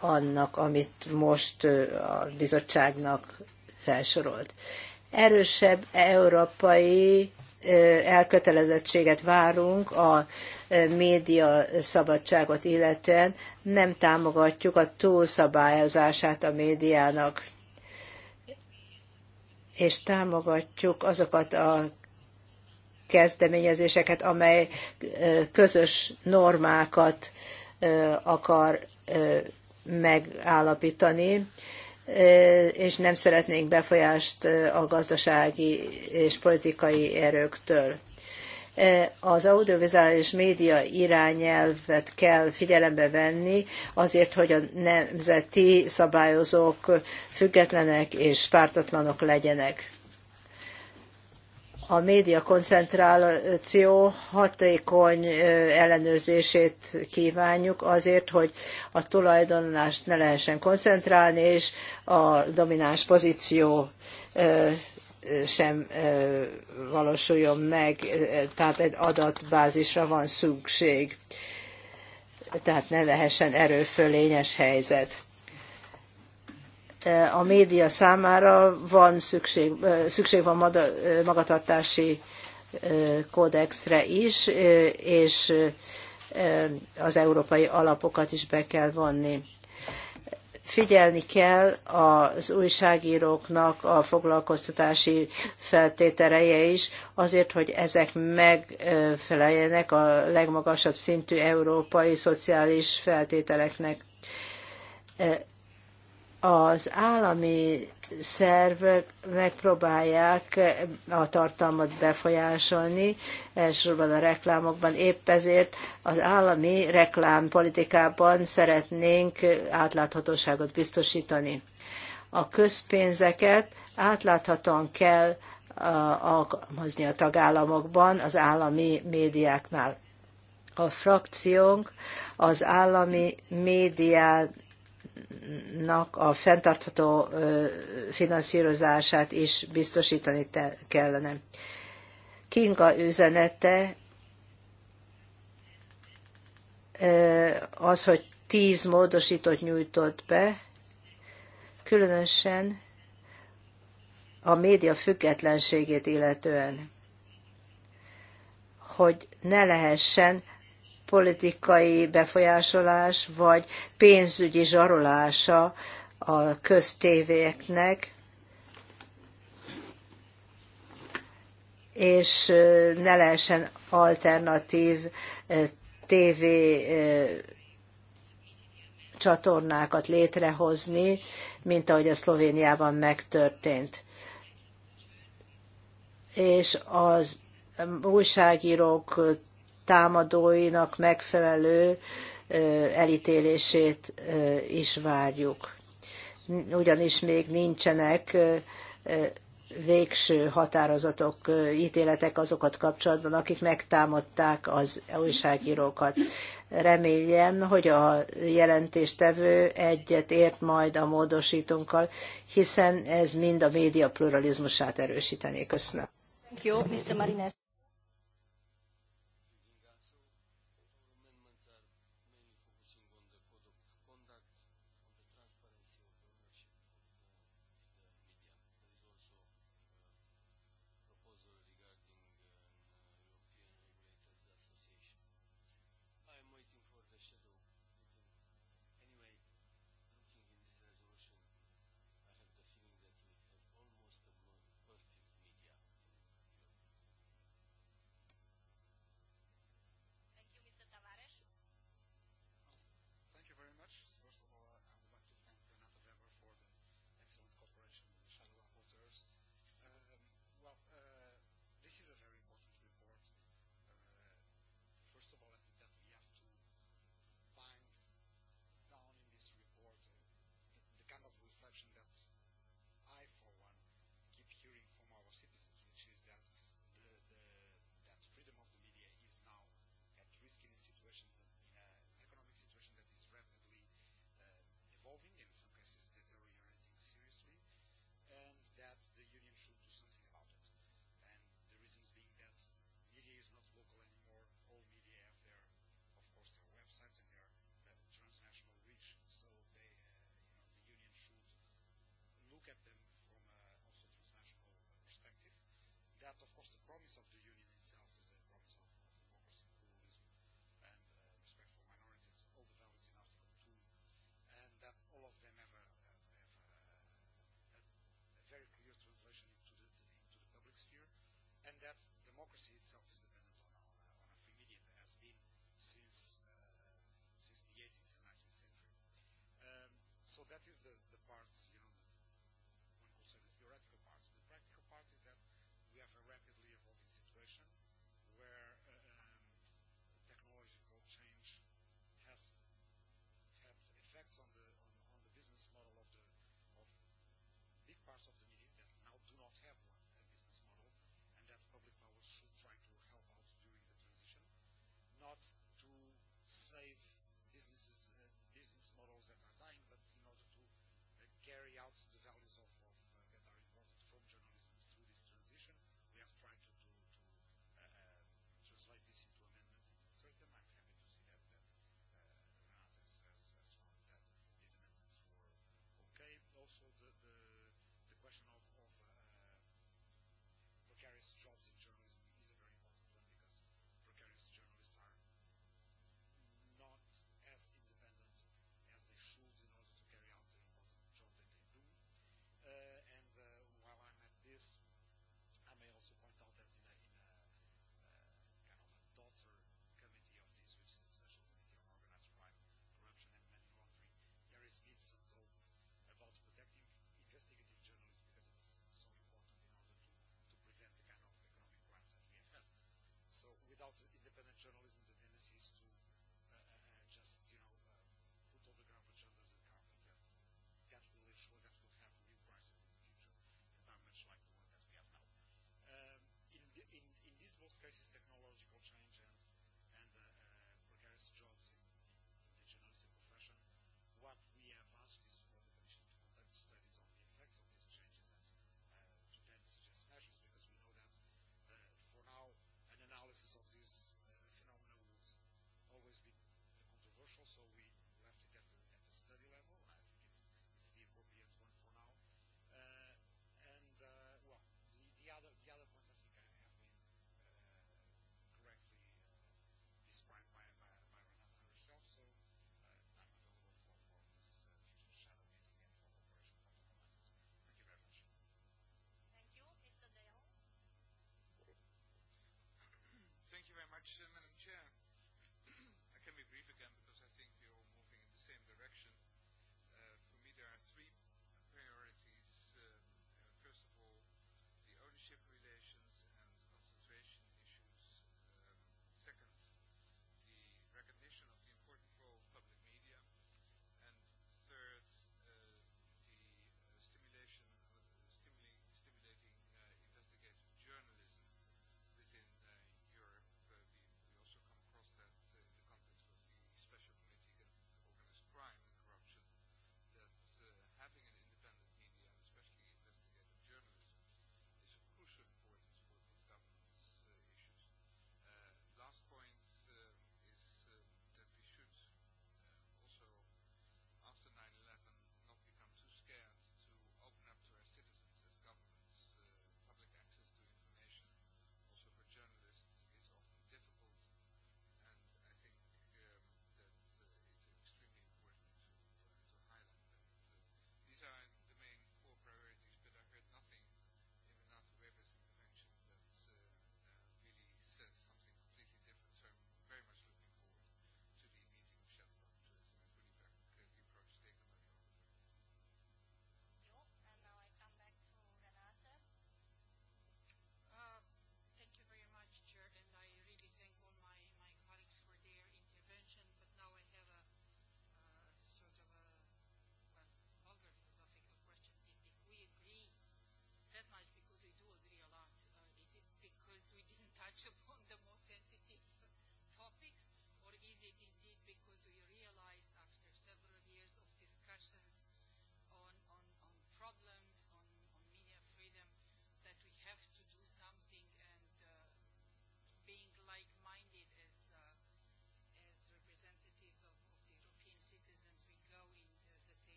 [SPEAKER 1] annak, amit most a bizottságnak felsorolt. Erősebb európai elkötelezettséget várunk a média szabadságot illetően, nem támogatjuk a túlszabályozását a médiának, és támogatjuk azokat a kezdeményezéseket, amely közös normákat akar megállapítani Eh, és nem szeretnénk befolyást eh, a gazdasági és politikai erőktől. Eh, az audiovizuális média irányelvet kell figyelembe venni azért, hogy a nemzeti szabályozók függetlenek és pártatlanok legyenek a média koncentráció hatékony ellenőrzését kívánjuk azért, hogy a tulajdonlást ne lehessen koncentrálni, és a domináns pozíció sem valósuljon meg, tehát egy adatbázisra van szükség, tehát ne lehessen erőfölényes helyzet a média számára van szükség, szükség van magatartási kódexre is, és az európai alapokat is be kell vonni. Figyelni kell az újságíróknak a foglalkoztatási feltételeje is, azért, hogy ezek megfeleljenek a legmagasabb szintű európai szociális feltételeknek az állami szervek megpróbálják a tartalmat befolyásolni, elsősorban a reklámokban. Épp ezért az állami reklámpolitikában szeretnénk átláthatóságot biztosítani. A közpénzeket átláthatóan kell alkalmazni a tagállamokban, az állami médiáknál. A frakciónk az állami médiát nak a fenntartható finanszírozását is biztosítani kellene. Kinga üzenete az, hogy tíz módosítót nyújtott be, különösen a média függetlenségét illetően, hogy ne lehessen politikai befolyásolás vagy pénzügyi zsarolása a köztévéknek, és ne lehessen alternatív TV csatornákat létrehozni, mint ahogy a Szlovéniában megtörtént. És az újságírók támadóinak megfelelő elítélését is várjuk. Ugyanis még nincsenek végső határozatok, ítéletek azokat kapcsolatban, akik megtámadták az újságírókat. Reméljem, hogy a jelentéstevő egyet ért majd a módosítónkkal, hiszen ez mind a média pluralizmusát erősítené. Köszönöm.
[SPEAKER 2] you, Mr.